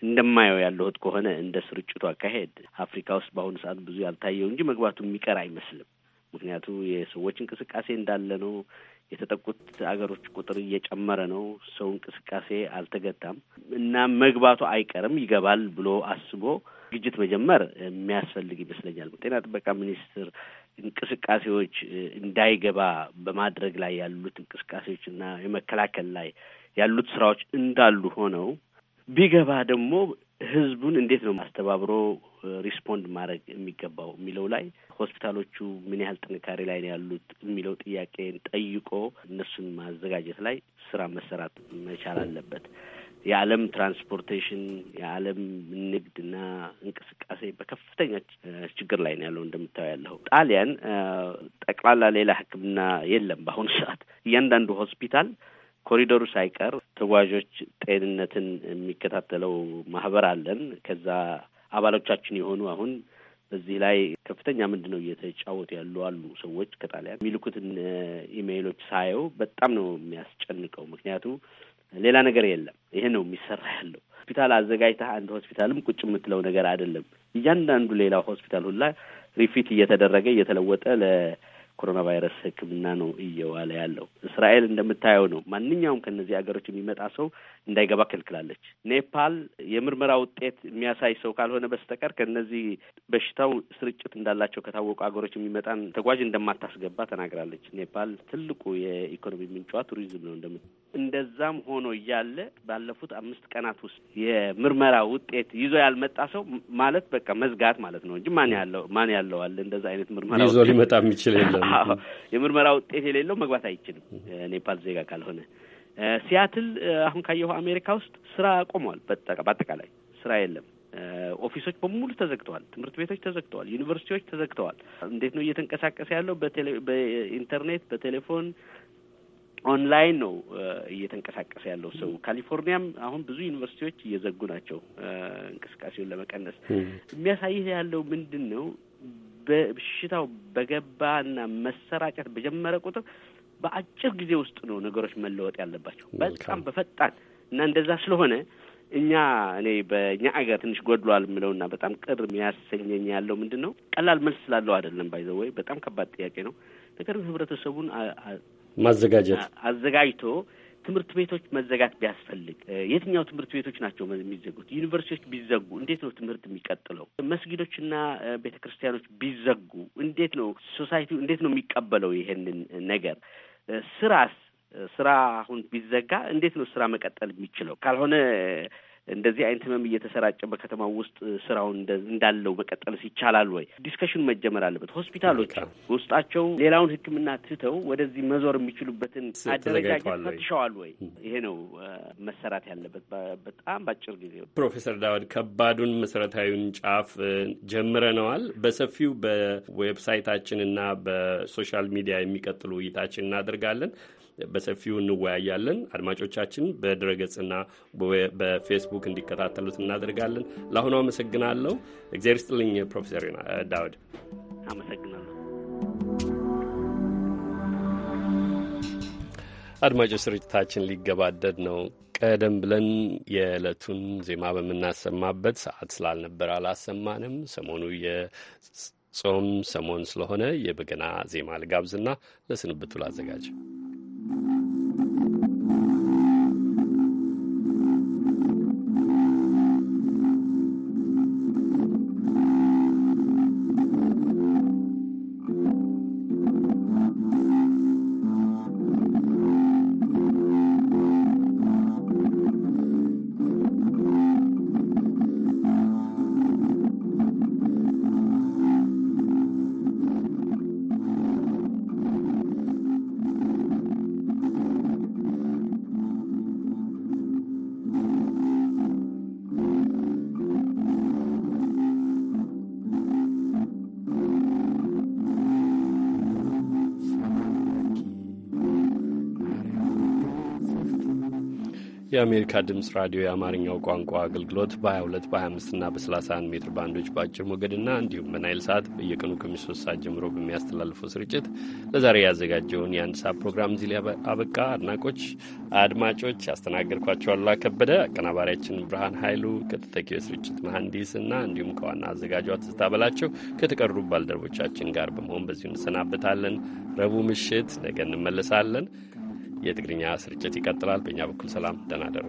እንደማየው ያለሁት ከሆነ እንደ ስርጭቱ አካሄድ አፍሪካ ውስጥ በአሁኑ ሰዓት ብዙ ያልታየው እንጂ መግባቱ የሚቀር አይመስልም። ምክንያቱ የሰዎች እንቅስቃሴ እንዳለ ነው። የተጠቁት አገሮች ቁጥር እየጨመረ ነው። ሰው እንቅስቃሴ አልተገታም እና መግባቱ አይቀርም ይገባል ብሎ አስቦ ግጅት መጀመር የሚያስፈልግ ይመስለኛል። ጤና ጥበቃ ሚኒስቴር እንቅስቃሴዎች እንዳይገባ በማድረግ ላይ ያሉት እንቅስቃሴዎች እና የመከላከል ላይ ያሉት ስራዎች እንዳሉ ሆነው ቢገባ ደግሞ ህዝቡን እንዴት ነው አስተባብሮ ሪስፖንድ ማድረግ የሚገባው የሚለው ላይ ሆስፒታሎቹ ምን ያህል ጥንካሬ ላይ ነው ያሉት የሚለው ጥያቄን ጠይቆ እነሱን ማዘጋጀት ላይ ስራ መሰራት መቻል አለበት። የዓለም ትራንስፖርቴሽን የዓለም ንግድና እንቅስቃሴ በከፍተኛ ችግር ላይ ነው ያለው። እንደምታየው ያለው ጣሊያን ጠቅላላ ሌላ ሕክምና የለም በአሁኑ ሰዓት እያንዳንዱ ሆስፒታል ኮሪደሩ ሳይቀር ተጓዦች ጤንነትን የሚከታተለው ማህበር አለን። ከዛ አባሎቻችን የሆኑ አሁን በዚህ ላይ ከፍተኛ ምንድን ነው እየተጫወቱ ያሉ አሉ ሰዎች ከጣሊያን የሚልኩትን ኢሜይሎች ሳየው በጣም ነው የሚያስጨንቀው ምክንያቱ ሌላ ነገር የለም። ይሄ ነው የሚሰራ ያለው። ሆስፒታል አዘጋጅተህ አንድ ሆስፒታልም ቁጭ የምትለው ነገር አይደለም። እያንዳንዱ ሌላ ሆስፒታል ሁላ ሪፊት እየተደረገ እየተለወጠ ኮሮና ቫይረስ ሕክምና ነው እየዋለ ያለው። እስራኤል እንደምታየው ነው። ማንኛውም ከነዚህ ሀገሮች የሚመጣ ሰው እንዳይገባ ከልክላለች። ኔፓል የምርመራ ውጤት የሚያሳይ ሰው ካልሆነ በስተቀር ከነዚህ በሽታው ስርጭት እንዳላቸው ከታወቁ ሀገሮች የሚመጣን ተጓዥ እንደማታስገባ ተናግራለች። ኔፓል ትልቁ የኢኮኖሚ ምንጫዋ ቱሪዝም ነው። እንደም እንደዛም ሆኖ እያለ ባለፉት አምስት ቀናት ውስጥ የምርመራ ውጤት ይዞ ያልመጣ ሰው ማለት በቃ መዝጋት ማለት ነው እንጂ ማን ያለው ማን ያለዋል እንደዛ አይነት ምርመራ ይዞ ሊመጣ የሚችል የለም። የምርመራ ውጤት የሌለው መግባት አይችልም ኔፓል ዜጋ ካልሆነ። ሲያትል አሁን ካየሁ አሜሪካ ውስጥ ስራ ቆሟል። በአጠቃላይ ስራ የለም። ኦፊሶች በሙሉ ተዘግተዋል። ትምህርት ቤቶች ተዘግተዋል። ዩኒቨርሲቲዎች ተዘግተዋል። እንዴት ነው እየተንቀሳቀሰ ያለው? በኢንተርኔት በቴሌፎን ኦንላይን ነው እየተንቀሳቀሰ ያለው ሰው። ካሊፎርኒያም አሁን ብዙ ዩኒቨርሲቲዎች እየዘጉ ናቸው እንቅስቃሴውን ለመቀነስ። የሚያሳይህ ያለው ምንድን ነው በሽታው በገባና መሰራጨት በጀመረ ቁጥር በአጭር ጊዜ ውስጥ ነው ነገሮች መለወጥ ያለባቸው፣ በጣም በፈጣን እና እንደዛ ስለሆነ እኛ እኔ በእኛ አገር ትንሽ ጎድሏል የምለውና በጣም ቅር የሚያሰኘኝ ያለው ምንድን ነው ቀላል መልስ ስላለው አይደለም። ባይዘ ወይ በጣም ከባድ ጥያቄ ነው። ነገር ግን ህብረተሰቡን ማዘጋጀት አዘጋጅቶ ትምህርት ቤቶች መዘጋት ቢያስፈልግ የትኛው ትምህርት ቤቶች ናቸው የሚዘጉት? ዩኒቨርሲቲዎች ቢዘጉ እንዴት ነው ትምህርት የሚቀጥለው? መስጊዶችና ቤተ ክርስቲያኖች ቢዘጉ እንዴት ነው ሶሳይቲው እንዴት ነው የሚቀበለው ይሄንን ነገር? ስራስ ስራ አሁን ቢዘጋ እንዴት ነው ስራ መቀጠል የሚችለው? ካልሆነ እንደዚህ አይነት ህመም እየተሰራጨ በከተማው ውስጥ ስራውን እንዳለው መቀጠል ይቻላል ወይ? ዲስከሽን መጀመር አለበት። ሆስፒታሎች ውስጣቸው ሌላውን ህክምና ትተው ወደዚህ መዞር የሚችሉበትን አደረጃጀት ፈትሸዋል ወይ? ይሄ ነው መሰራት ያለበት በጣም በአጭር ጊዜ። ፕሮፌሰር ዳዊድ ከባዱን መሰረታዊውን ጫፍ ጀምረነዋል። በሰፊው በዌብሳይታችን እና በሶሻል ሚዲያ የሚቀጥሉ ውይይታችን እናደርጋለን። በሰፊው እንወያያለን። አድማጮቻችን በድረገጽና በፌስቡክ እንዲከታተሉት እናደርጋለን። ለአሁኑ አመሰግናለሁ። እግዚአብሔር ስጥልኝ ፕሮፌሰር ዳውድ አመሰግናለሁ። አድማጮች ስርጭታችን ሊገባደድ ነው። ቀደም ብለን የዕለቱን ዜማ በምናሰማበት ሰዓት ስላልነበር አላሰማንም። ሰሞኑ የጾም ሰሞን ስለሆነ የበገና ዜማ ልጋብዝና ለስንብቱ ላዘጋጅ የአሜሪካ ድምፅ ራዲዮ የአማርኛው ቋንቋ አገልግሎት በ22 በ25 እና በ31 ሜትር ባንዶች በአጭር ሞገድና እንዲሁም በናይል ሰዓት በየቀኑ ከምሽቱ ሰዓት ጀምሮ በሚያስተላልፈው ስርጭት ለዛሬ ያዘጋጀውን የአንድ ሰዓት ፕሮግራም እዚህ ላይ አበቃ። አድናቆች አድማጮች ያስተናገድኳቸው አሉላ ከበደ፣ አቀናባሪያችን ብርሃን ኃይሉ ከተተኪ ስርጭት መሐንዲስ እና እንዲሁም ከዋና አዘጋጇ ትዝታ በላቸው ከተቀሩ ባልደረቦቻችን ጋር በመሆን በዚሁ እንሰናበታለን። ረቡዕ ምሽት ነገ እንመለሳለን። የትግርኛ ስርጭት ይቀጥላል። በእኛ በኩል ሰላም፣ ደህና እደሩ።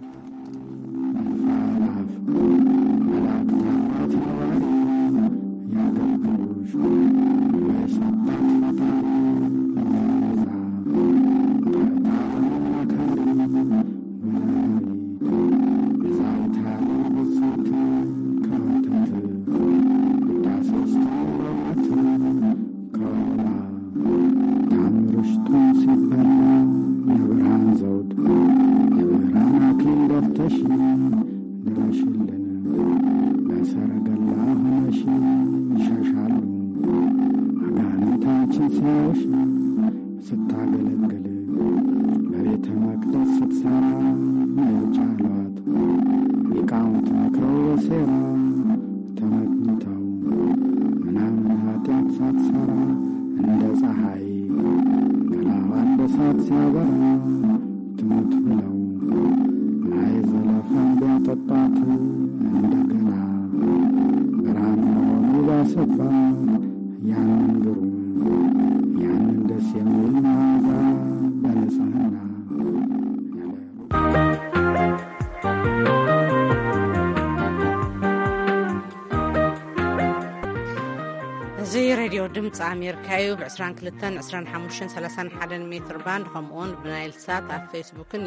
ኣሜሪካዩ ብ22 2531 ሜትር ባንድ ከምኡውን ብናይል ሳት ኣብ ፌስቡክን